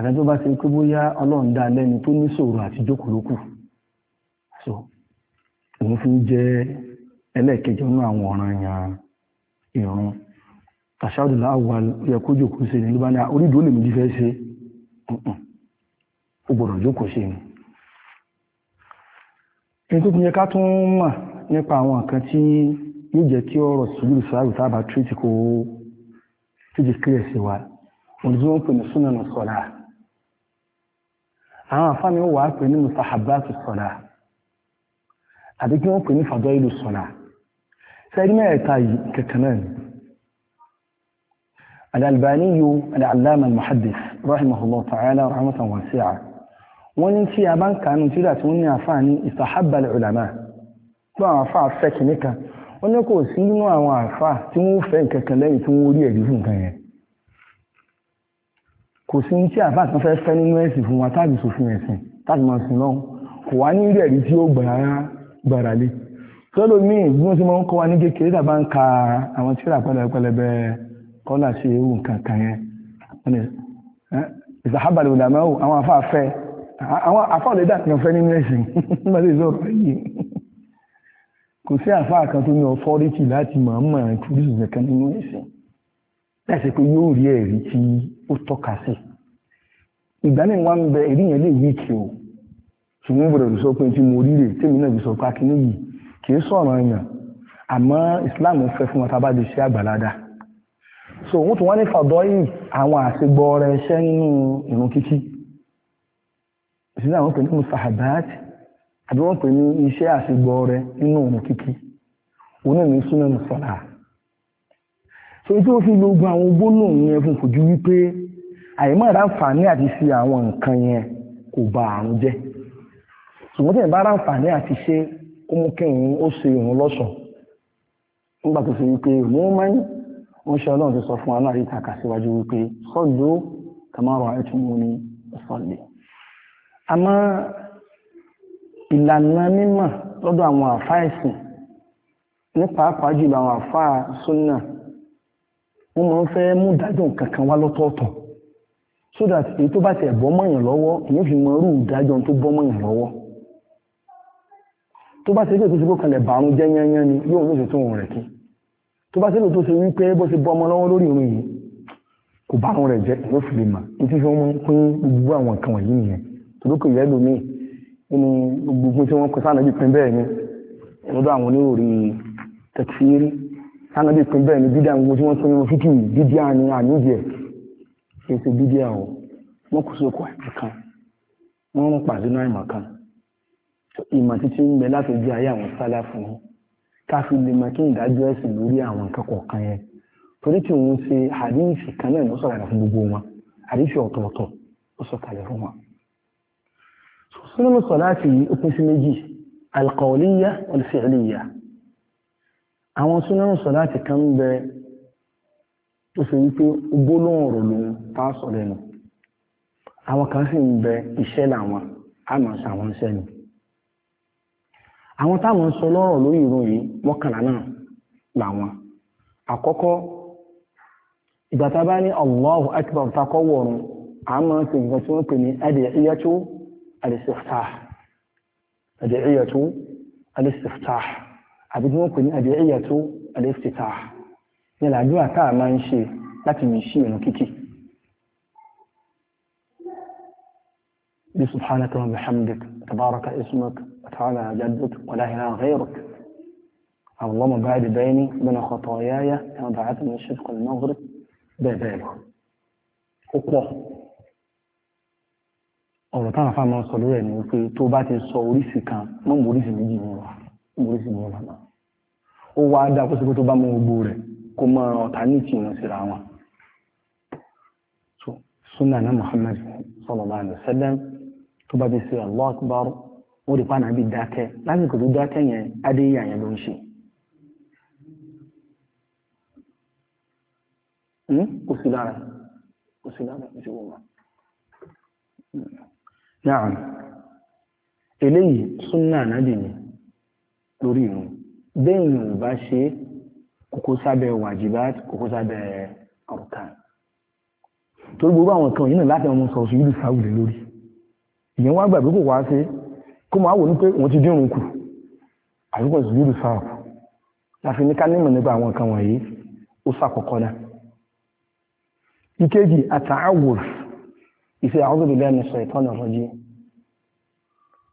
àti tó bá ṣe pé bóyá ọlọ́run dá lẹ́ni tó ní àti jókòlókù so òun fi ń jẹ́ ẹlẹ́ẹ̀kẹjọ nínú àwọn ọ̀ràn yàn ìrun tàṣàdùlá àwà yẹ kó jòkó ṣe ní ló bá ní lè méjì fẹ́ ó gbọ́dọ̀ jókòó ṣe ni ní tó fi yẹ ká tún mọ̀ nípa àwọn nǹkan tí yóò jẹ́ kí ọ̀rọ̀ sùúrù sáàrù tábà tírítì kó tíjì kílẹ̀ sí wa òun tí wọ́n pè ní súnà nà àwọn àfáàmì wà á pè ní mustahabatu sọ̀lá àbí kí wọ́n pè ní fàdọ́ ìlú sọ̀lá sẹ́rí mẹ́ẹ̀ta yìí kẹ̀kẹ́ náà ni al-Albani al-Allama al-Muhaddith rahimahullah ta'ala rahmatan wasi'a wọ́n ní tí a bá ń kànú tí ó ní àfáà ní istahabba al tó àwọn àfáà fẹ́ kìnníkan wọ́n ní kò sí inú àwọn àfáà tí wọ́n fẹ́ kẹ̀kẹ́ lẹ́yìn tí wọ́n rí ẹ̀rí fún nǹkan yẹn kò sí ní tí àfáà kan fẹ́ fẹ́ nínú ẹ̀sìn fún wa táàbì sòfin ẹ̀sìn táàbì máa sìn lọ́hùn kò wá ní ilé ẹ̀rí tí ó gbàrà lé sọ́dọ̀ míì bí wọ́n ti máa ń kọ́ wa ní kékeré tàbá ń ka àwọn tíra pẹlẹpẹlẹbẹ kọ́là ṣe ewu nǹkan kan yẹn ìsàhábàlì òdàmọ́ àwọn afáà fẹ́ àwọn afáà lè dàtí ọ̀fẹ́ nínú ẹ̀sìn *laughs* nígbà tí ìṣòro yìí kò sí àfáà kan tó ní ọ̀fọ́rítì láti mọ̀ọ́mọ̀ ìtúrísì nìkan nínú ẹ̀sìn láìsí pé yóò rí ẹ̀rí tí ó tọ́ka sí ìgbà náà wá ń bẹ ẹ̀rí yẹn lè wí kí o ṣùgbọ́n gbọ́dọ̀ sọ pé tí mo rí rè tèmi náà fi sọ pé akíní yìí kì í sọ̀rọ̀ èèyàn àmọ́ ìsìláàmù fẹ́ fún wọn tábàdé ṣe àgbàládà so wọ́n tún wá ní fàdọ́ yìí àwọn àṣegbọ́ rẹ ṣẹ́ nínú ìrun kíkí ìsìláàmù pè ní musahabat àbí wọ́n pè ní iṣẹ́ àṣegbọ́ rẹ nínú ìrun kíkí onímọ̀ ìsúná mùsọ̀lá so tí ó fi lo gbogbo àwọn gbólóhùn yẹn fún kojú wípé àìmọ́ ìráǹfààní àti ṣe àwọn nǹkan yẹn kò ba àrùn jẹ́ ṣùgbọ́n tí ìbá ráǹfààní àti ṣe ó mú kẹ́yìn ó ṣe ìrun lọ́sàn nígbà tó ṣe wípé òun máa ń ń ṣe ọlọ́run ti sọ fún wa náà rí tàkà síwájú wípé sọ́dọ̀ kàmáàrọ̀ ẹ̀túnmú ni sọ́lẹ̀ àmọ́ ìlànà mímọ̀ lọ́dọ̀ àwọn àfáà ẹ̀sìn ní pàápàá jùlọ àwọn àfáà súnà wọ́n máa ń fẹ́ mú dájọ́ kankan wá lọ́tọ̀ọ̀tọ̀ so that èyí tó bá tẹ̀ bọ́ mọ̀yàn lọ́wọ́ èyí fi mọ irú ìdájọ́ tó bọ́ mọ̀yàn lọ́wọ́ tó bá ṣe pé tó ṣe kó bàrún jẹ́ yányán ni yóò lóṣù tó òun rẹ̀ kí tó bá ṣe pé tó ṣe wípé bó ṣe bọ́ ọmọ lọ́wọ́ lórí ìrun yìí kò bàrún rẹ̀ jẹ́ yóò fi lè mà ní tí wọ́n ń pín gbogbo àwọn nǹkan wọ̀nyí nìyẹn tòlókè ìyá ẹlòmíì nínú gbogbo tí wọ́n kọ sáà náà bí pín bẹ́ẹ̀ ni lọ́dọ̀ àwọn oníròrí tẹkifírí tánàbí pín bẹ́ẹ̀ ni bídíà gbogbo tí wọ́n tún yún fíkì bídíà ni àníjẹ̀ èsì bídíà ọ̀ wọ́n kò sókò àìmọ̀kan wọ́n ń pàdé náà àìmọ̀kan ìmọ̀ títí ń bẹ láti ojú ayé àwọn sálá fún un ká fi lè mọ kí ìdájọ́ ẹ̀sìn lórí àwọn nǹkan kọ̀ọ̀kan yẹn torí tí òun ṣe àdíṣì kan náà ló sọ̀rọ̀ fún gbogbo wọn àdíṣì ọ̀tọ̀ọ̀tọ̀ ó sọ kalẹ̀ fún wọn. sọ́nà sọ láti òpin méjì alkọ̀ọ́líyà wal àwọn súnmọ́rún sọ láti kan bẹ tó sì wípé gbólóhùn ọ̀rọ̀ ló ń tá sọ̀rọ̀ ẹnu àwọn kan sì ń bẹ iṣẹ́ làwọn a àwọn iṣẹ́ ni àwọn táwọn sọ lọ́rọ̀ lórí ìròyìn mọ́kànlá náà làwọn àkọ́kọ́ ìgbà tá bá ní wọ̀run a máa ti nǹkan tí wọ́n pè ní àbí wọ́n kò ní àdéhìyà tó àléfìtà ní àdúrà tá a máa ń ṣe láti mi ṣí ìrìn kíkì اللهم بعد بيني من خطاياي كما بعد من الشفق المغرب بذلك أقوى أولا تعرف عن من صلوه أنه في توباتي صوري سكان من بوري سمجي من الله ìgbórí sí ìgbórí bàbá ó wá dá kó sípé tó bá mọ gbogbo rẹ̀ kó mọ ọ̀tá ní ìtìmọ̀ síra wọn so sunna na Muhammad sallallahu alaihi wasallam tó bá ti ṣe Allahu Akbar ó rí pàánà bí dákẹ́ lásìkò tó dákẹ́ yẹn adéyà yẹn ló ń ṣe hmm? kò sí lára kò sí lára ìṣòwò wọn hmm. náà eléyìí sunna náà dì lórí ìrun bẹ́ẹ̀ ni ò bá ṣe kókó sábẹ́ wàjibát kókó sábẹ́ ọ̀kan torí gbogbo àwọn kan yìí náà láti ọmọ sọ̀rọ̀ sùúrù sáwùlẹ̀ lórí ìyẹn wá gbàgbé kò wá sí kó máa wò ní pé wọ́n ti dínrùn kù àbíkọ̀ sùúrù sáwù láfi ní ká nímọ̀ nípa àwọn kan wọ̀nyí ó sàkọ́kọ́ náà ìkejì àtàwùr ìfẹ́ àwọn òbí lẹ́nu sọ ìtọ́nà rọjí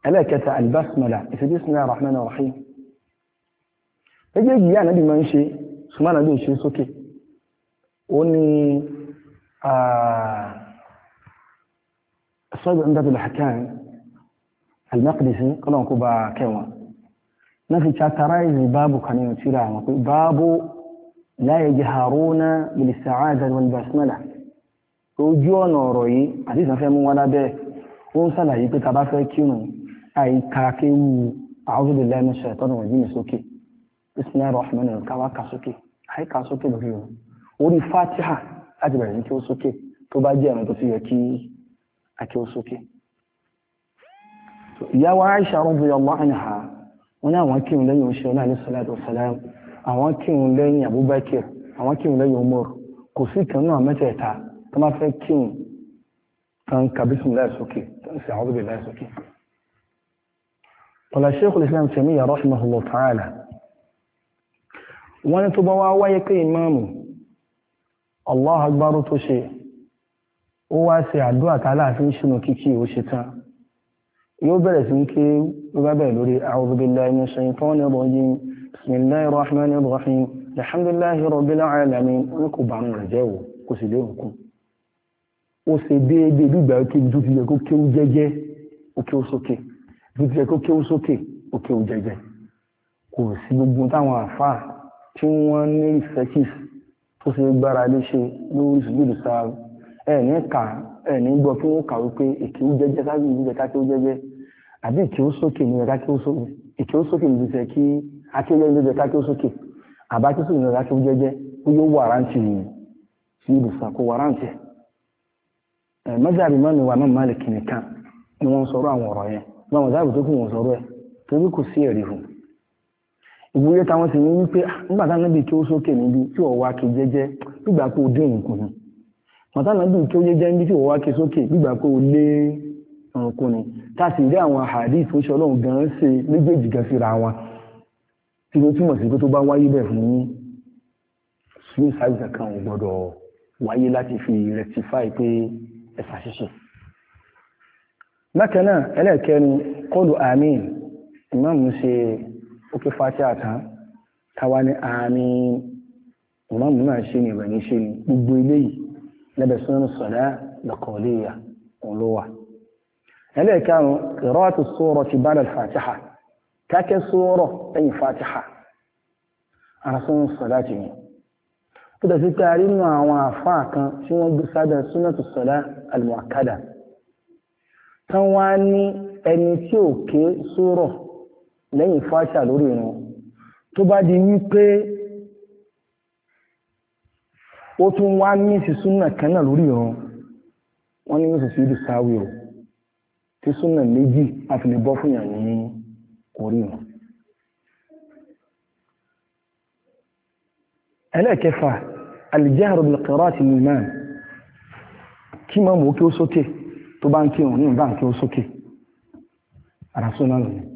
ẹlẹ́kẹta albasmala ìfẹ́ bí sinmi rahman rahim méjèèjì yà náà bí máa ń ṣe ṣùgbọ́n náà bí ń ṣe sókè ó ní sọ́jọ́ Umdatul Ahkam al-Maqdisi kọ́lọ̀ kó bá kẹwọn na fi chatarize babu kan yau tira mafi babu la yajharuna bil sa'adat wal basmala ojú ọ̀nà ọ̀rọ̀ pé ta bá fẹ́ kírun àìka kéwu a'udhu bismillahir rahmanir rahim káwá kà sókè àìkà sókè lórí òun orí fatiha láti bẹ̀rẹ̀ ní kí ó sókè tó bá jẹ́ ẹ̀rùn tó sì yẹ kí akí ó sókè ìyàwó Aisha radiyallahu anha wọn ní àwọn kírun lẹ́yìn oṣù ọlá alayhi salatu wa salam àwọn kírun lẹ́yìn Abubakar àwọn kírun lẹ́yìn Umar kò sí kan náà mẹ́tẹ̀ẹ̀ta tó máa fẹ́ kírun kan ka bismillah sókè tó ń sì a'udhu billahi sókè. qala Shaykhul Islam Taymiyya rahimahullah ta'ala wọ́n ní tó bá wá wáyé pé ìmáàmù Allahu Akbar tó ṣe ó wá ṣe àdúrà tààláàfin ṣínú kíkí ó ṣe tán yóò bẹ̀rẹ̀ sí ń ké rúbábẹ̀ lórí a'udhu billahi minash shaytanir rajim bismillahir rahmanir rahim alhamdulillahi rabbil alamin wọn kò bá rẹ̀ jẹ́ o kò sì lé òkun ó ṣe déédéé bí ìgbà kí ju ti yẹ kó kéwú jẹ́jẹ́ ó kéwú sókè ju ti yẹ kó kéwú sókè ó kéwú kò sí gbogbo táwọn àfáà tí wọ́n ní researches tó ṣe gbára lé ṣe lórí ìṣúgbìdì sáàrù ẹ̀ ní kà ẹ̀ ní gbọ́ kí wọ́n kà wípé èkì ó jẹ́jẹ́ sáàrù ìlú ẹ̀ka kí ó jẹ́jẹ́ àbí èkì ó sókè ní ẹ̀ka kí ó sókè èkì ó sókè ní ìṣẹ́ kí akéwẹ́ ìlú ẹ̀ka kí ó sókè àbá kí sókè ní ẹ̀ka kí ó jẹ́jẹ́ ó yóò wà ni wọ́n sọ̀rọ̀ àwọn ọ̀rọ̀ yẹn báwọn záàbù tó kù wọ́n sọ̀rọ̀ ẹ̀ ìwúyé táwọn sì ń wí pé ah, nígbà táwọn ibi kí ó sókè níbi tí ò wá kí jẹ́jẹ́ gbígbà pé ó dín nǹkan ni màtá náà bí kí ó jẹ́jẹ́ níbi tí ò wá kí sókè gbígbà pé ó lé nǹkan ni tá a sì rí àwọn àhàdí ìfúnṣẹ́ ọlọ́run gan-an ṣe méjèèjì gan síra wọn tí ó túmọ̀ sí pé tó bá wáyé bẹ́ẹ̀ fún yín sùn sábìsà kan ò gbọ́dọ̀ wáyé láti fi rectify pé ẹ̀sà ṣíṣe bákan náà ẹlẹ́ẹ̀kẹrin kọlù àmín ìmáàmù ṣe ké fatiha tán táwa ní àmín ìmáàmù náà ṣe ni ìrẹ̀yìn ṣe ni gbogbo eléyìí lẹ́bẹ̀ẹ́ sọ́nà sọ̀dá lọ́kọ̀ọ́lẹ́yà òun ló wà ẹlẹ́ẹ̀kárùn qira'atu surati ba'da al-fatiha kákẹ́ sura lẹ́yìn fatiha arásán sọ̀dá ti yìn ó dẹ̀ sí pé nù àwọn àfáà kan tí wọ́n gbé sábẹ́ sunnatu sọ̀dá al tán wá ní ẹni tí ò ké sura lẹ́yìn fáṣà lórí ìrun tó bá di wípé ó tún wá ní ìsìsúnà kan náà lórí ìrun wọ́n ní ìsìsú ìdí sáwì ò tí súnà méjì àfilẹ̀bọ́ fún yàn ní orí ìrun ẹlẹ́ẹ̀kẹfà alìjáàrò bìlọ̀kọ̀rọ̀ àti mìíràn kí mọ́ mọ́ kí ó sókè tó bá ń kí òun ní ìbá kí ó sókè àràsúnà lónìí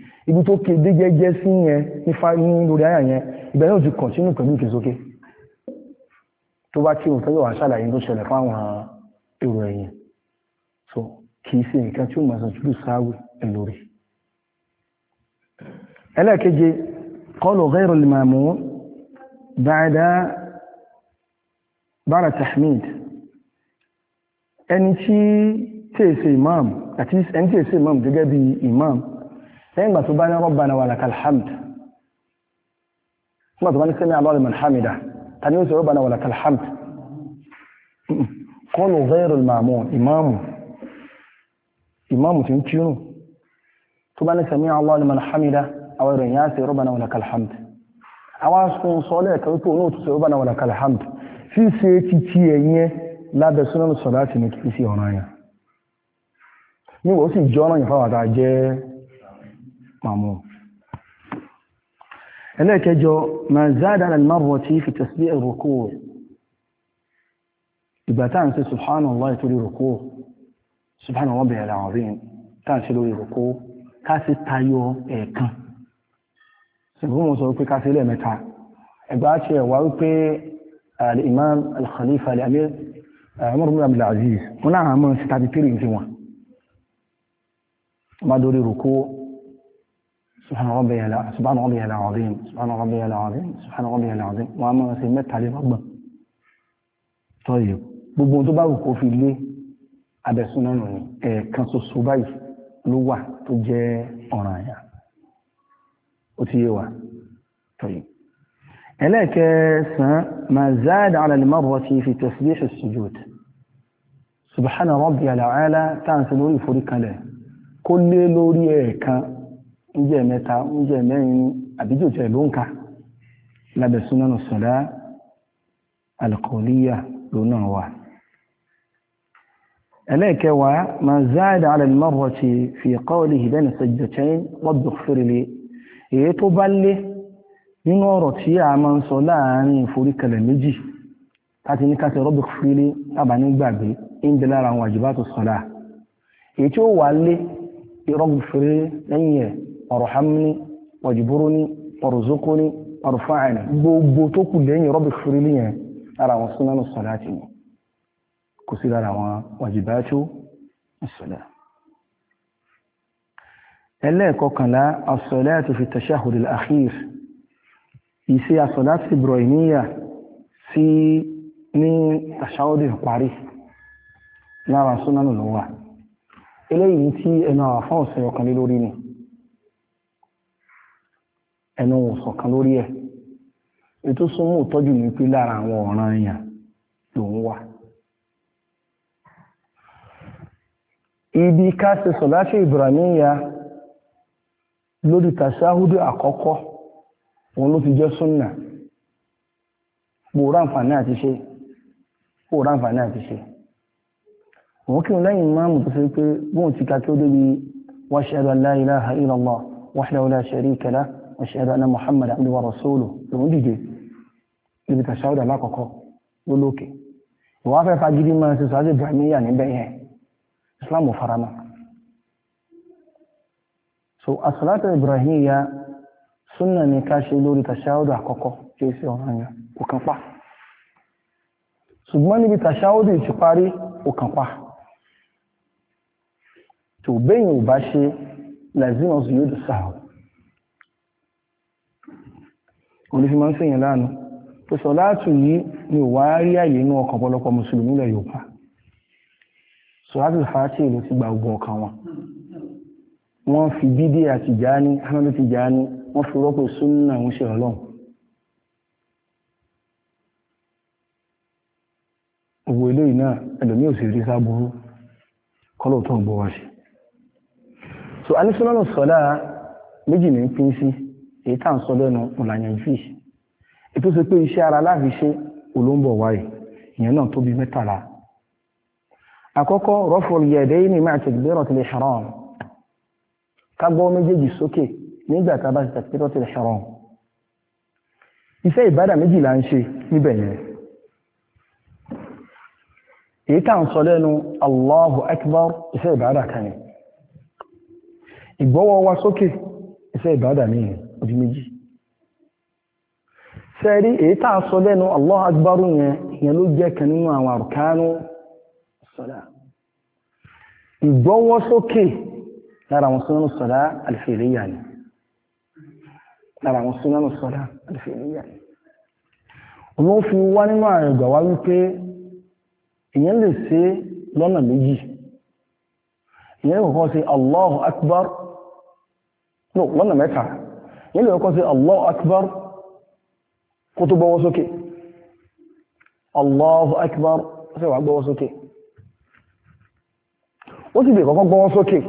ibi tó kéde jẹ́jẹ́ sí yẹn nífa ní lórí àyà yẹn ìgbà yóò ti kọ̀ntínú pẹ̀lú ìkèsókè tó bá tí òun fẹ́ yọ̀ wá ṣàlàyé ló ṣẹlẹ̀ fáwọn èrò ẹ̀yìn so kì í ṣe nǹkan tí ó máa sọ̀tún lù sáwì ẹ̀ lórí. ẹlẹ́ẹ̀keje kọlù ghayru al-ma'mum bára tahmid ẹni tí tèèṣe imam àti ẹni tèèṣe imam gẹ́gẹ́ bí imam سيما سبحان ربنا ولك الحمد ما تبغى نسمع الله من حمدة تنيوس ربنا ولك الحمد كونوا غير المامون إمام إمام تنتينو تبغى نسمع الله من حمدة أو رياس ربنا ولك الحمد أو أسكن صلاة كيفو نوت ربنا ولك الحمد في سيتي تيينيه لا بسنن الصلاة نكفي سيونايا نيو أسي جونا يفاوضا جيه pamọ́ ẹlẹ́ẹ̀kẹjọ ma zada al-marrati fi tasbih ar-ruku' ìgbà tá à ń ṣe subhanallah ìtorí ruku' subhanallah bẹ̀rẹ̀ àwọn rí tá à ń ṣe lórí ruku' ká sí tayọ ẹ̀ẹ̀kan ṣùgbọ́n mo sọ pé ká sí lẹ́ẹ̀mẹ́ta ẹgbà ṣe ẹ̀wà wípé ah, al-imam ah, ruku' سبحان ربي لا سبحان ربي لا عظيم سبحان ربي لا عظيم سبحان ربي لا عظيم وما ما سمت تعالى طيب بو تو باو في لي ابي سنن ني ا كان سو سوباي لو وا تو جي اورايا او طيب هناك ما زاد على المرة في تسبيح السجود سبحان ربي العالى تعالى سنوري فريقا له كل لوريك oúnjẹ mẹ́ta oúnjẹ mẹ́rin àbíjò tẹ̀ ló ń ka lábẹ́ súnmọ́nà sọ̀dá alkọ̀ọ́líyà ló náà wà ẹlẹ́ẹ̀kẹwàá ma záàdà alẹ́lẹ́mọ́rọ̀ ti fi kọ́ọ̀lì ìbẹ́ni sọ̀jọ̀tẹ́yìn wọ́bùk fèrèlé èyí tó bá lé nínú ọ̀rọ̀ tí a máa ń sọ láàárín ìforíkẹlẹ̀ méjì láti ní káṣẹ ó wà lé rọ́bùk lẹ́yìn ẹ̀ ọ̀rọ̀hámní wàjúbúrúní ọ̀rọ̀zókóní ọ̀rọ̀fáàní gbogbo tó kù lẹ́yìn rọ́bì fúrílì yẹn ara àwọn súnánù sọ̀láàtì ni kò sí lára àwọn wàjìbáṣó ìsọ̀lá ẹlẹ́ẹ̀kọkànlá asọ̀láàtì fi tashahhud al-akhir ìṣe asọ̀láàtì ibrahimiyya sí ní tashahhud ìparí lára súnánù lọ́wọ́ eléyìí tí ẹnu àwọn afọ́ ọ̀sẹ̀ ọ̀kan lé lórí ni ẹnu sọ̀kan lórí ẹ̀ ètò súnmọ́ ìtọ́jú ní pé lára àwọn ọ̀ràn èèyàn lòun wà ibi ká ṣe sọ̀láṣẹ́ ìbìràníyà lórí tàṣáhúdù àkọ́kọ́ òun ló ti jẹ́ súnnà pòórá àǹfààní àti ṣe pòórá àǹfààní àti ṣe òun kí n lẹ́yìn máàmù tó ṣe pé bóun ti ka kí ó débi wáṣẹ́ la ilaha illallah wahdahu la sharika lahu وأشهد أن محمد عبده ورسوله لون ديجي اللي بتشهد على كوكو ولوكي وافع فاجدي ما سيساعد إبراهيمية نبيه إسلام وفرما so الصلاة الإبراهيمية súnà ní ká ṣe lórí tàṣáódù àkọ́kọ́ tí ó sì ọ̀ràn yàn kò kàn pa ṣùgbọ́n níbi tàṣáódù ti parí kò tó bẹ́yìn ò bá ṣe làzínà sí yóò òní fi máa ń sèyàn láàánú tó sọ láàtù yìí ni ò wá rí àyè inú ọkàn ọ̀pọ̀lọpọ̀ mùsùlùmí ilẹ̀ Yorùbá sọ láti fàátì ló ti gba ogun ọkàn wọn wọ́n fi bídí àtìjáni ahmed tìjáni wọ́n fi rọ́pò súnà ń ṣe ọlọ́run owó eléyìí náà ẹlòmí ò sì rí sáburú kọ́lọ̀ tó ń gbọ́ wá sí so anisọ́nà sọ́lá méjì ní pín sí èyí tá à ń sọ lẹ́nu ọ̀làyànjú ètò ṣe pé iṣẹ́ ara láfi ṣe olóńbọ̀ wáyé ìyẹn náà tóbi mẹ́tàlá àkọ́kọ́ rọ́fọ̀lù yẹ̀dẹ́ ní máa takbiratul ihram ká gbọ́ méjèèjì sókè nígbà tá a bá ti takbiratul ihram iṣẹ́ ìbádà méjì là ń ṣe níbẹ̀ yẹn èyí tá à ń sọ lẹ́nu Allahu akbar iṣẹ́ ìbádà kan ìgbọ́wọ́ wa sókè iṣẹ́ ìbádà mìíràn ojú méjì sẹ́rí èyí tàà sọ lẹ́nu Allahu Akbar yẹn ìyẹn ló jẹ́ kan nínú àwọn àrùkánú sọ́lá ìgbọ́wọ́ sókè lára àwọn súnmọ́nù sọ́lá alfèèléyà ni lára àwọn súnmọ́nù sọ́lá alfèèléyà ni ọmọ fi wá nínú àrẹ̀gbà wá wípé ìyẹn lè nílẹ̀ ọkọ́ sí Allahu Akbar kó tó gbọ́wọ́ sókè Allahu Akbar sí wà gbọ́wọ́ sókè ó sì bè kọ́kọ́ gbọ́wọ́ sókè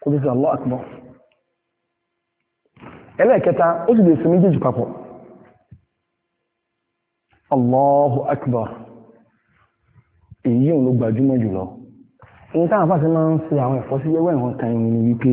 kó tó sí Allahu Akbar ẹlẹ́ẹ̀kẹta ó sì bè sí méjèèjì papọ̀ Allahu Akbar èyí yóò ló gbajúmọ̀ jùlọ ìyí táwọn fásitì máa ń ṣe àwọn ẹ̀fọ́ sí wẹ́wẹ́ ìwọ̀n kan ìrìn wípé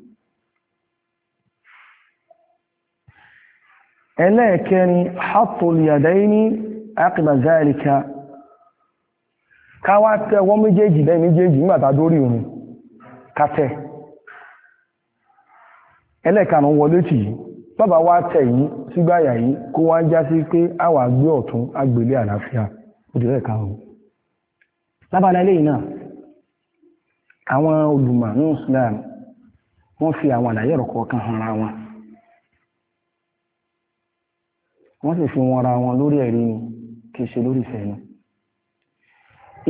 ẹlẹ́ẹ̀kẹrin hapoliyadaini akìbàzáìríkà káwá ka méjèèjì lẹ́yìn méjèèjì nígbàtà dórí òun kátẹ́ ẹlẹ́ẹ̀kanùn wọlé tì yìí bàbá wá tẹ̀ yìí sígbàyà yìí kó wá ń já sí pé àwà gbé ọ̀tún agbèlé àlàáfíà òdìlẹ̀ karùn-ún lábàlá eléyìí náà àwọn olùmọ̀ ní Islam wọ́n fi àwọn àlàyé ọ̀rọ̀ kọ̀ọ̀kan hàn ra wọn wọ́n sì fi wọn ra wọn lórí ẹ̀rí ni kìí ṣe lórí ìfẹ́nu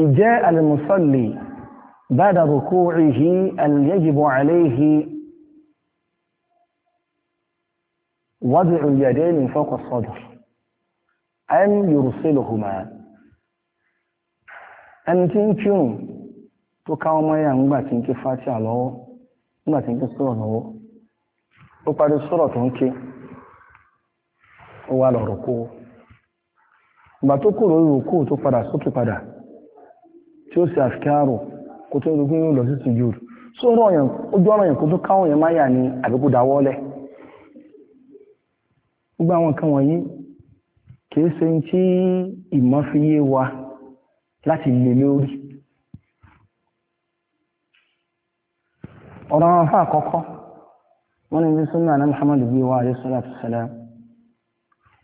ìjẹ́ alìmùsọ́lì bada ruku'ihi alìyẹ́jìbọn aléhì wádìí ìyàdé ní fọ́kọ̀ sọ́dọ̀ ẹn yorùsílù hùmá ẹni tí ń kírun tó káwọn mọ́ yà ńgbà tí ń kí fátíà lọ́wọ́ ńgbà tí ń kí sọ́rọ̀ lọ́wọ́ ó parí sọ́rọ̀ tó ń kí ó wá lọ rùkú ìgbà tó kúrò rùkú tó padà sókè padà tí ó sì àfikárò kò tó rú gbígbó lọ sí ti só rọ yẹn ojú ọ̀rọ̀ yẹn kó tó káwọn yẹn máyà ní àbíkú dáwọ́lẹ̀ gbogbo àwọn nǹkan wọ̀nyí kìí ṣe ń tí ìmọ̀ fi yé wa láti lè Muhammadu wa àdé sọ́lá tó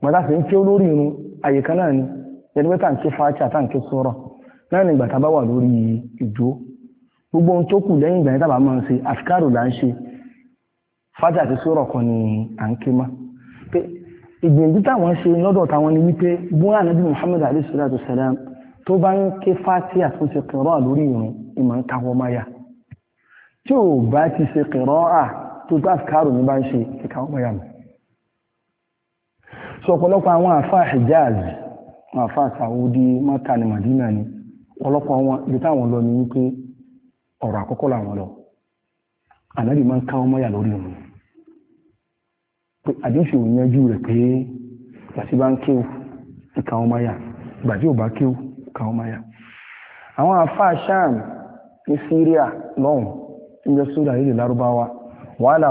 gbàtà sí ń kí olórí irun àyíká náà ni ẹni pé tàǹkì fàáchà tàǹkì sọ̀rọ̀ náà ni ìgbà tá bá wà lórí ìjó gbogbo ohun tó kù lẹ́yìn ìgbà yẹn tábà máa ń ṣe àfikárò là ń ṣe fàáchà àti sọ̀rọ̀ kan ni à ń ké má pé ìgbìyànjú táwọn ṣe lọ́dọ̀ táwọn ni wípé búrà nàbí Muhammad alayhi salatu salam tó bá ń ké fàáchà tó ṣe kẹrọ lórí irun ìmọ̀ ń káwọ́ máyà tí ò bá ti ṣe kẹrọ tó gbà àfikárò ní bá ń ṣe kíkàwọ́ máyà mi so ọ̀pọ̀lọpọ̀ àwọn àfáà Hijaz àfáà Saudi Maka ni Madina ni ọ̀pọ̀lọpọ̀ àwọn ibi táwọn lọ ní wípé ọ̀rọ̀ àkọ́kọ́ làwọn lọ ànábì máa ń ká ọmọ lórí òun àdéhùn òun yanjú rẹ̀ pé gbàtí bá ń kéwù gbàtí ò bá kéwù àwọn àfáà Sham ní Syria lọ́hùn ń jẹ́ sódà ilẹ̀ wàhálà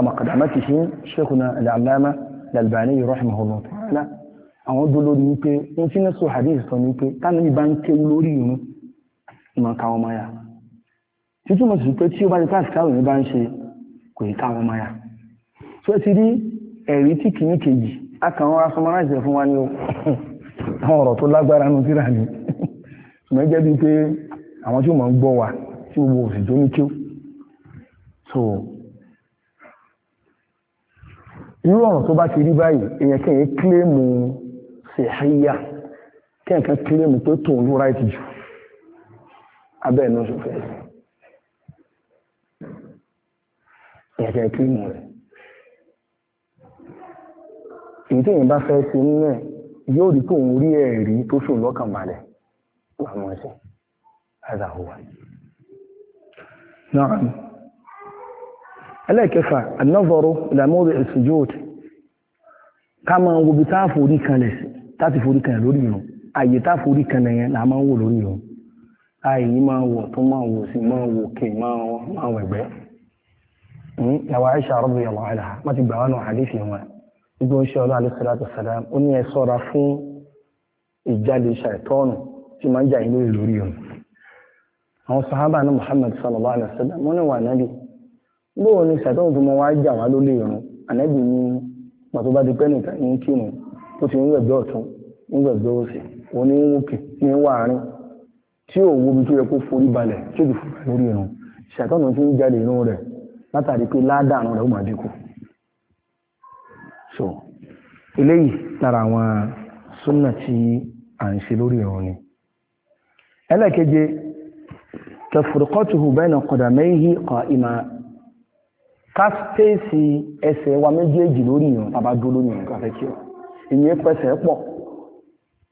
ṣẹ́kùnà náà àwọn dúró ní pé wọ́n tí ní sọ hadith sọ ní pé tánà ìbá ń kéwú lórí ìrún ìmọ̀ ká ọmọ ya títí mo sì pé tí ó bá ti káàkiri káwọn ìbá ń ṣe kò yí ká ọmọ ya so ti rí ẹ̀rí tí kìíní kejì akàwọn asọmọláìsẹ̀ fún wa ní o *laughs* àwọn ọ̀rọ̀ tó lágbára nu tíra ni *laughs* ṣùgbọ́n jẹ́ bíi pé àwọn tí ó mọ̀ ń gbọ́ wa tí gbogbo òsì tó ní kéw irú ọ̀ràn tó bá ti rí báyìí èèyàn kẹ́yìn kílèmù sèhíyà kẹ́yìn kan kílèmù pé tòun ló ráìtì jù abẹ́ ìnáwó sọ̀fẹ́ èèyàn kẹ́yìn kílèmù rẹ̀ èyí tí èèyàn bá fẹ́ ṣe nínú ẹ̀ yóò rí tóun rí ẹ̀rí tó ṣò lọ́kàn balẹ̀ làwọn ẹ̀ṣẹ̀ ẹ̀dà òwà náà ẹlẹ́ẹ̀kẹfà anáfọ́rọ́ ìlàmọ́rọ̀ ìsìnjóòtì ká máa ń wobi táà forí kanlẹ̀ táti forí kanlẹ̀ lórí ìrun àyè táà forí kanlẹ̀ yẹn là máa ń wò lórí ìrun àyè yìí máa wọ̀ tó máa wò sí máa wò kè máa wọ̀ ẹ̀gbẹ́ hmm? yàwó Aisha radiyallahu anha má ti gbà wá náà hadisi wọn gbogbo ń ṣe ọlọ́ alẹ́sàlátù sàlám ó ní ẹ sọ́ra fún ìjáde ṣàìtọ́nù tí máa bóò ni ṣàtọ́nù tó mọ wá jà wá lólè irun ànẹ́bì ní pàtó bá ti pẹ́ nìkan ní kírun ó ti ń wẹ̀gbẹ́ ọ̀tún ń wẹ̀gbẹ́ òsì òun ní wókè ní wàárín tí ò wo so eléyìí lára àwọn tí à ń ṣe lórí irun ni bẹ́ẹ̀ náà kọ̀dà mẹ́yìí ká spéèsì ẹsẹ̀ wa méjèèjì lórí ìrùn tàbá dúró lórí ìrùn káfẹ́ kí ọ ìyẹn pẹsẹ̀ pọ̀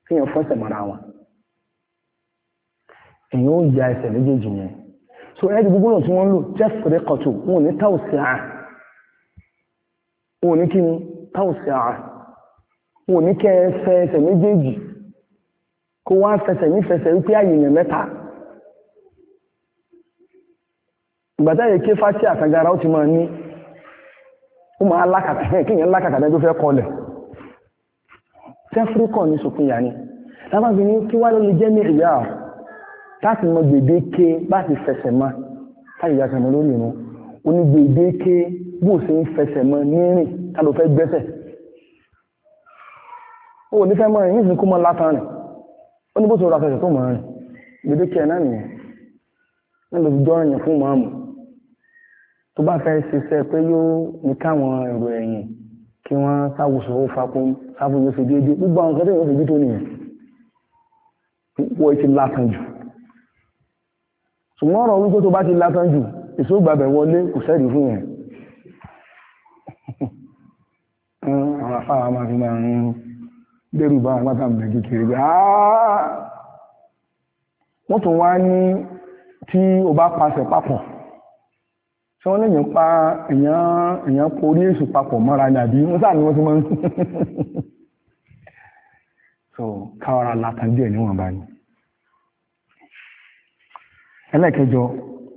kíyàn fẹsẹ̀ mọ́ra wọn èyàn ó ya ẹsẹ̀ méjèèjì yẹn so ẹ̀rí gbogbo náà tí wọ́n ń lò jẹ́ fèrè kọ̀tù wọn ò ní táwùsì àá wọn ò ní kí ni táwùsì àá wọn ò ní kẹ́ ẹ fẹ́ ẹsẹ̀ méjèèjì kó wá fẹsẹ̀ nífẹsẹ̀ wípé àyè yẹn mẹ́ta ìgbàtá yìí ké fátí àkàgàrà ó ti máa ní ó máa lákàtà ẹ̀ kí ìyẹn lákàtà tó fẹ́ kọlẹ̀ tẹ́fríkọ̀ ní sòpinya ni lábàbí ní kí wá lórí jẹ́mi ìyá ọ̀ láti mọ gbèdéke bá ti fẹsẹ̀ mọ́ láti ìyá sẹ̀mọ́ lórí ìrún ó ní gbèdéke bó ṣe ń fẹsẹ̀ mọ́ nírìn tá ló fẹ́ gbẹ́sẹ̀ ó ní fẹ́ mọ́ rìn nísìnyí kó mọ́ látàn rìn ó ní bó ṣe rọra fẹsẹ̀ tó mọ́ rìn gbèdéke ẹ̀ náà nìyẹn níbi ìjọ rìn fún màmù tó bá fẹ́ ṣiṣẹ́ pé yóò ní káwọn èrò ẹ̀yìn kí wọ́n sáwùsọ̀ ó fakún sáfún yóò ṣe déédéé gbogbo àwọn kẹtẹ́ yóò ṣe tó nìyẹn wọ́n ti látàn jù ṣùgbọ́n ọ̀rọ̀ wípé tó bá ti látàn jù èso gbàbẹ̀ wọlé kò sẹ́rì fún yẹn *laughs* àwọn afárá máa fi máa ń dẹ́rù bá àwọn àtàmì kékeré pé wọ́n tún wá ní tí o bá pàṣẹ papọ̀ ṣé wọ́n lèyàn pa èèyàn èèyàn porí èṣù papọ̀ mọ́ra ni àbí wọ́n sáà ni wọ́n ti máa *laughs* so káwara látàn díẹ̀ níwọ̀n báyìí ẹlẹ́kẹjọ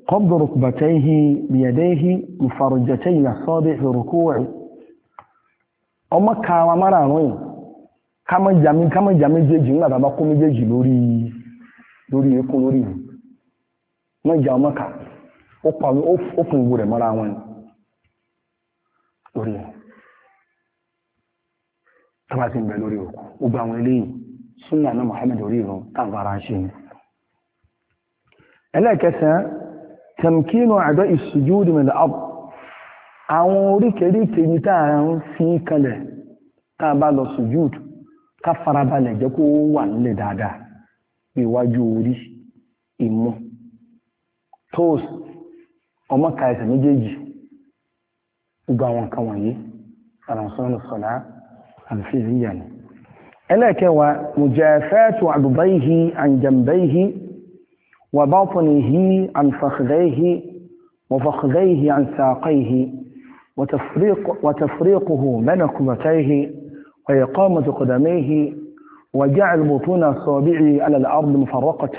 قبض ركبتيه بيديه مفرجتي ihe ركوع ọmọ ka àwọn amárààrún yìí ká má jàmí ká má jàmí bàbá kó méjèèjì lórí lórí lórí ọmọ ó pàwé ó fún ìwò rẹ̀ mọ́ra wọn lórí ẹ̀ tọ́bá sí ń lórí òkú àwọn náà Muhammad orí ìrùn tàbára ṣe ni ẹlẹ́ẹ̀kẹsàn àwọn tààrà ń fi kalẹ̀ tàbá lọ sùjúd ka jẹ́ kó wà nílẹ̀ dáadáa iwájú orí ìmú ọmọ ka ẹsẹ̀ méjèèjì gbogbo àwọn nǹkan wọ̀nyí àrànsọ́nù sọ̀lá àlùfíìsì yà ni ẹlẹ́ẹ̀kẹwàá mujafatu àdùbáyìí àǹjàmbáyìí wà bá báfọ̀nìhí àǹfàkìdáyìí وفخذيه عن ساقيه وتفريق وتفريقه بين كبتيه وإقامة قدميه وجعل بطون أصابعه على الأرض مفرقة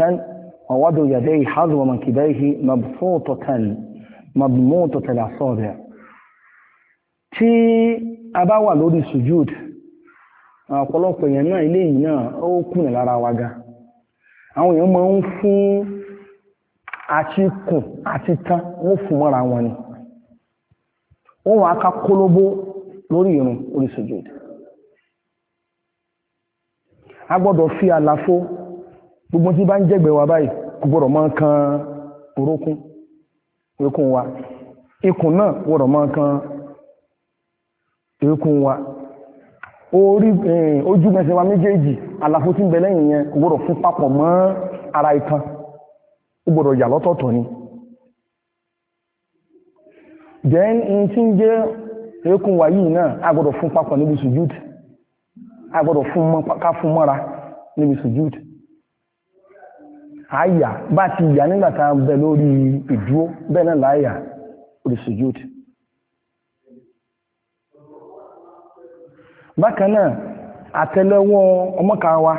ووضع يديه حذو منكبيه مبسوطة مضموطة الأصابع tí a bá wà lórí sujud ọ̀pọ̀lọpọ̀ èèyàn náà eléyìí náà ó kùnà lára wa ga àwọn èèyàn máa ń fún àti kùn àti tán wọ́n fún mọ́ra wọn ni wọ́n wọ́n aká kólóbó lórí irun orí sujud a gbọ́dọ̀ fi àlàfo gbogbo tí bá ń jẹ́gbẹ̀ wa báyìí gbọ́dọ̀ ikun wa ikùn náà wọ́rọ̀ mọ́ kan eékún wa orí eh, ojú mẹ́sẹ̀ wa méjèèjì àlàfo tí ń bẹ lẹ́yìn yẹn fún papọ̀ mọ́ ara ịkan ó yà lọ́tọ̀ọ̀tọ̀ ni in tí ń jẹ́ eékún wa yìí a fún papọ̀ níbi a fún mọ́ra àyà bá ti yà nígbà tá a bẹ lórí ìdúró bẹ́ẹ̀ náà láyà olùsùjúd bákan náà ọmọka wa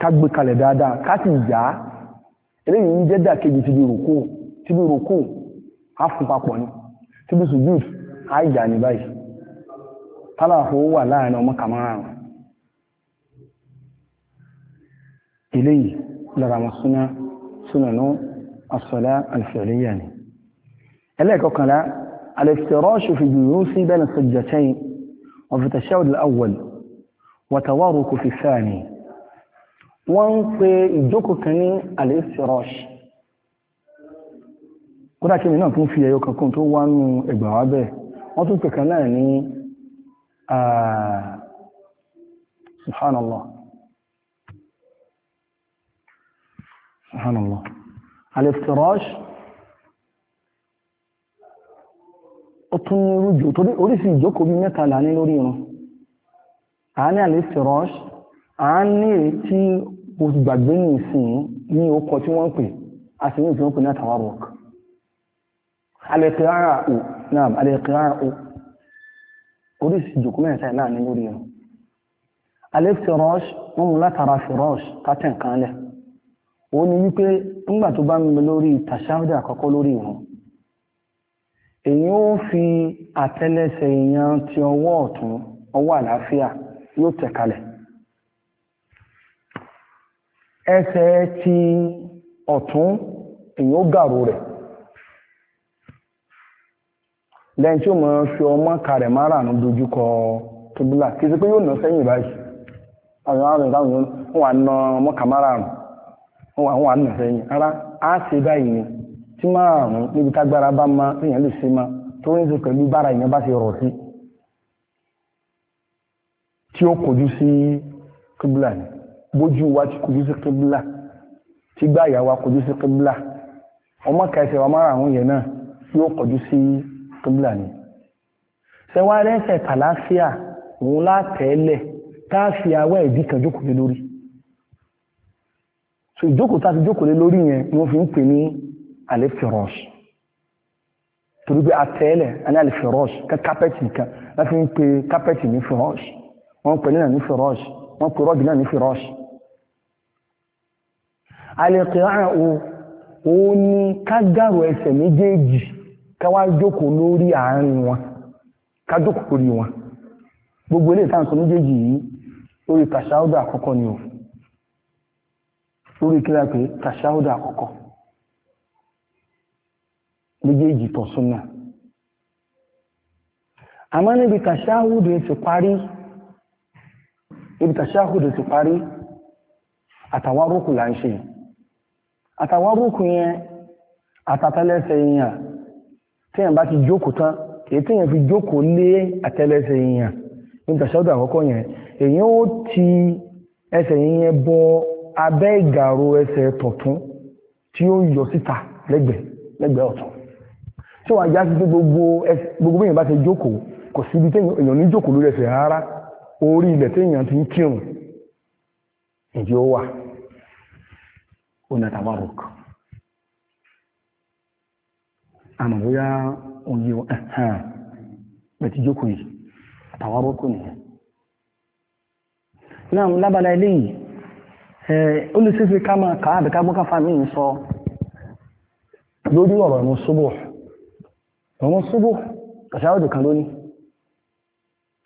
ká gbé kalẹ̀ dáadáa ká sì yá eléyìí ń jẹ́ dàkejì ti bí rùkú ti bí rùkú á sùjúd á ní báyìí wà láàrin ọmọka márùn-ún lára wọn súnmọ̀nù àṣọlá àlùfẹ̀ríyà ni ẹlẹ́ẹ̀kọkànlá alẹ́fẹ̀rọ́ṣù fi jùlọ sí bẹ́ẹ̀ náà sọjọ́tẹ́yìn ọ̀fẹ̀tẹ̀ṣẹ́wọ̀dì awọ̀l wàtàwárò kò fi fẹ́ ni wọ́n ń pe ìjókòó kan ní alẹ́fẹ̀rọ́ṣù kódà kí ni náà tún fi ẹyọ kankan tó wá nù ẹgbà wá bẹ́ẹ̀ wọ́n tún pè kan náà ní ah, subhanallah سبحان الله الافتراش ó tún ní irújò torí oríṣìí ìjókòó bí mẹ́ta là ní lórí ìran a ní al-iftirash a ní tí o gbàgbé ní ìsìn ní ọkọ̀ tí wọ́n ń pè a sì ní ìsìn pè ní àtàwárọ̀k al-qira'u naam al-qira'u oríṣìí ìjókòó mẹ́ta ó ní wípé ńgbà tó bá ń lọ lórí àkọ́kọ́ lórí ìrun èyí ó fi èèyàn ti ọwọ́ ọ̀tún ọwọ́ àlàáfíà yóò tẹ̀kalẹ̀ ẹsẹ̀ ti ọ̀tún èyí ó gàrú rẹ̀ lẹ́yìn tí ó mọ̀ dojúkọ pé yóò nà sẹ́yìn báyìí àwọn wà nà ọmọ àwọn àmìfẹ́ yìí ara á ṣe báyìí ni tí márùn-ún níbi tágbára bá máa èèyàn lè ṣe máa tó ń ṣe pẹ̀lú bára èèyàn bá ṣe rọ̀ sí tí ó kojú sí kíbùlà ni bójú wa ti kojú sí kíbùlà tí gbáyà wa kojú sí kíbùlà ọmọ kẹsẹ̀ wa márùn-ún yẹn náà yóò kojú sí kíbùlà ni ṣẹwàá rẹ́sẹ̀ kàláfíà òun látẹ̀ẹ́lẹ̀ táàfíà wẹ́ẹ̀dì kan jókòó lórí so ìjókòó tá a ti jókòó lé lórí yẹn ni wọ́n fi ń pè ní alifirọ́s torí pé àtẹ́lẹ̀ ẹni alifirọ́s kẹ́ kápẹ́tì nìkan wọ́n fi ń pè kápẹ́tì ní firọ́s wọ́n pè ní náà ní firọ́s wọ́n pè rọ́ọ̀dì náà ní firọ́s. alẹ́kẹ̀ẹ́ o ní ká gàrò ẹsẹ̀ méjèèjì ká wá jókòó lórí àárín wọn ká jókòó lórí wọn gbogbo eléyìí tá à ń sọ méjèèjì yìí lórí tàṣáúdà àkọ́kọ́ ni o lórí kílá pé tàṣáhùdà àkọ́kọ́ méjèèjì tọ̀ súnà àmọ́ níbi tàṣáhùdù ti parí níbi tàṣáhùdù ti parí àtàwárókù là ń ṣe àtàwárókù yẹn àtàtẹ́lẹsẹ̀ èèyàn tí èèyàn bá ti jókòó tán èyí tí èèyàn fi jókòó lé àtẹ́lẹsẹ̀ èèyàn níbi tàṣáhùdù àkọ́kọ́ yẹn èèyàn ó ti ẹsẹ̀ yẹn bọ́ abẹ́ ìgàrò ẹsẹ̀ tọ̀tún tí ó yọ síta lẹ́gbẹ̀ẹ́ lẹ́gbẹ̀ẹ́ ọ̀tún tí wọ́n ajá sí pé gbogbo gbogbo èèyàn bá ti jókòó kò síbi tí èèyàn ní jókòó lórí ẹsẹ̀ rárá orí ilẹ̀ tí èèyàn ti ń kírun ǹjẹ́ ó wà ó nà tàbá rò kàn àmọ́ bóyá òye ẹ̀hán bẹ̀tí jókòó yìí àtàwọn rò kàn nìyẹn náà lábala eléyìí Eh, ó lè ṣeéṣe ká máa kà á àbíká gbọ́ká fàmí ń sọ lórí ọ̀rọ̀ ìmú ṣubú ọmọ ṣubú àṣáwọ̀dù kan lónìí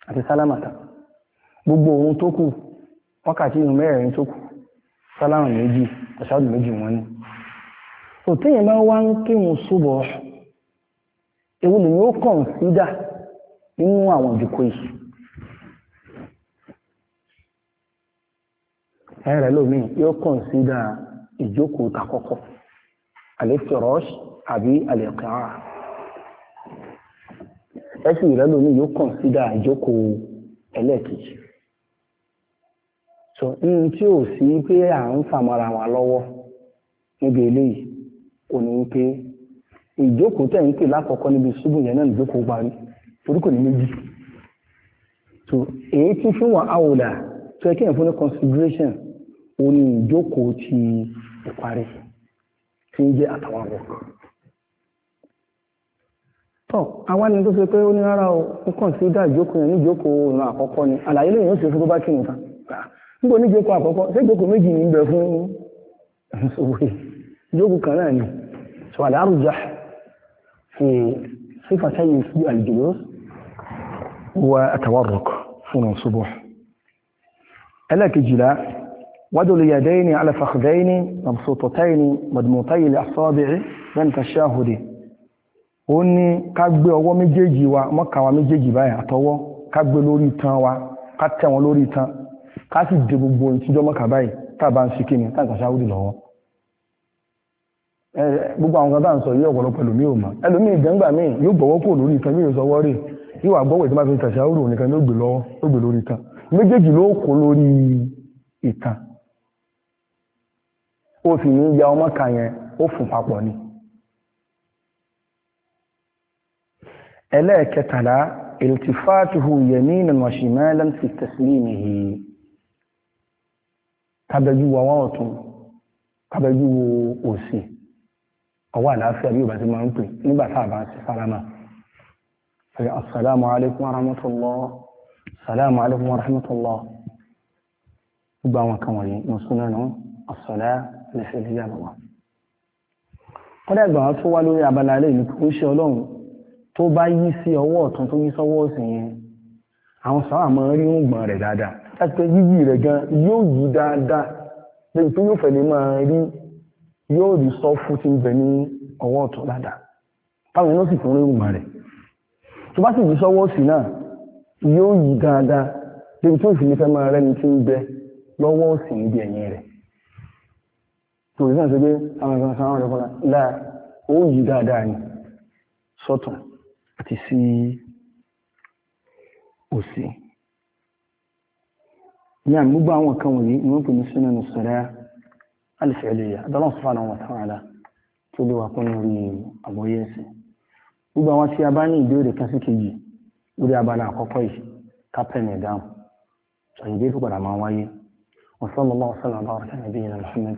àti sálámàtà gbogbo ohun tó kù wákàtí ìrùn mẹ́rin tó kù sálámà méjì àṣáwọ̀dù méjì wọn ni so téèyàn bá wá ń kírun ṣubú ewu ni yóò kàn sídà nínú àwọn ìdíkò yìí ẹ̀rẹ̀ lómi yóò kọ̀nsídà ìjókòó takọ́kọ́ alẹ́fẹ̀rọ́ṣ àbí alẹ́kàá ẹ̀sì rẹ̀ lómi yóò kọ̀nsídà ìjókòó ẹlẹ́ẹ̀kejì so ní tí ò sí pé à ń fàmọ́ra wa lọ́wọ́ níbi eléyìí kò ní pé ìjókòó tẹ̀ ń pè lákọ̀ọ́kọ́ níbi ṣubú yẹn náà ìjókòó parí ní méjì èyí fún wa àwòlà tó kí fún ó ní ìjókòó ti ìparí nje ń jẹ́ àtàwàwọ̀ to àwọn ẹni tó ṣe pé ó ní ya o ó kàn ni àlàyé lè yóò ṣe fún tó bá kí nìkan níbo ní ìjókòó àkọ́kọ́ ṣé ìjókòó méjì ní bẹ fún ṣòwò kan ni ṣòwàlẹ̀ àrùjá fi sífà sẹ́yìn وضع اليدين على فخذين مبسوطتين مدموطي الأصابع بين تشاهدين ó ní ká gbé ọwọ́ méjèèjì wa mọ́ka wa méjèèjì báyìí àtọwọ́ ká gbé lórí itan wa ká tẹ̀ wọn lórí itan ká sì dé gbogbo ìtijọ́ mọ́ka báyìí tàbá ń ṣe kíni táǹkà ṣáwúrì lọ́wọ́ gbogbo àwọn kan bá ń sọ yí ọ̀pọ̀lọpọ̀ ẹlòmíì ò mọ̀ ẹlòmíì ìdẹ́ngbà míì yóò gbọ́wọ́ kò lórí itan yóò sọ wọ́rì yóò àgbọ́wọ̀ tí máa fi tàṣà òrò nìkan ló gbé lórí itan méjèèjì ló kó lórí itan ó sì ní ya ọmọ kan yẹn ó fún papọ̀ ni. ẹlẹ́ẹ̀kẹtàlá iltifatuhu yaminan wa shimalan fi taslimihi kábẹ́jú wo ọwọ́ ọ̀tún kábẹ́jú wo òsì ọwọ́ àlàáfíà bí òbá ti máa ń pè nígbà tá a bá ti sálámà. assalamu alaikum warahmatullah assalamu alaikum warahmatullah gbogbo àwọn kan wọ̀nyí mùsùlùmí náà as lè ṣe ìgbéyàwó wa tó wá lórí abala tó bá yí sí ọwọ́ ọ̀tún tó yí sọ́wọ́ yẹn àwọn sọ́wọ́ àmọ́ rí ń gbọ̀n rẹ̀ dáadáa láti yíyí gan yóò yí dáadáa lẹ́yìn tó yóò máa rí yóò rí sọ fún ní ọwọ́ ọ̀tún dáadáa táwọn sì fún rí ń tó rí náà sí pé àwọn ìfẹ́ sáwọn ọ̀rẹ́ fọ́nà láà ó yí dáadáa ni sọ́tún àti sí òsì ní àmì gbogbo àwọn kan wọ̀nyí ni wọ́n pè ní sínú sọ̀rẹ́ alìfẹ́lẹ́yà adọ́lọ́ sọ́fàánà wọn táwọn àlá tó lè wà pín lórí àgbọ́yé ẹ̀sìn gbogbo àwọn tí a bá ní ìbéèrè kan sí kejì lórí abala àkọ́kọ́ yìí kápẹ́ẹ̀nì ẹ̀dáhùn ṣàyẹ̀dẹ́ tó máa wáyé وصلى الله وسلم وبارك على نبينا محمد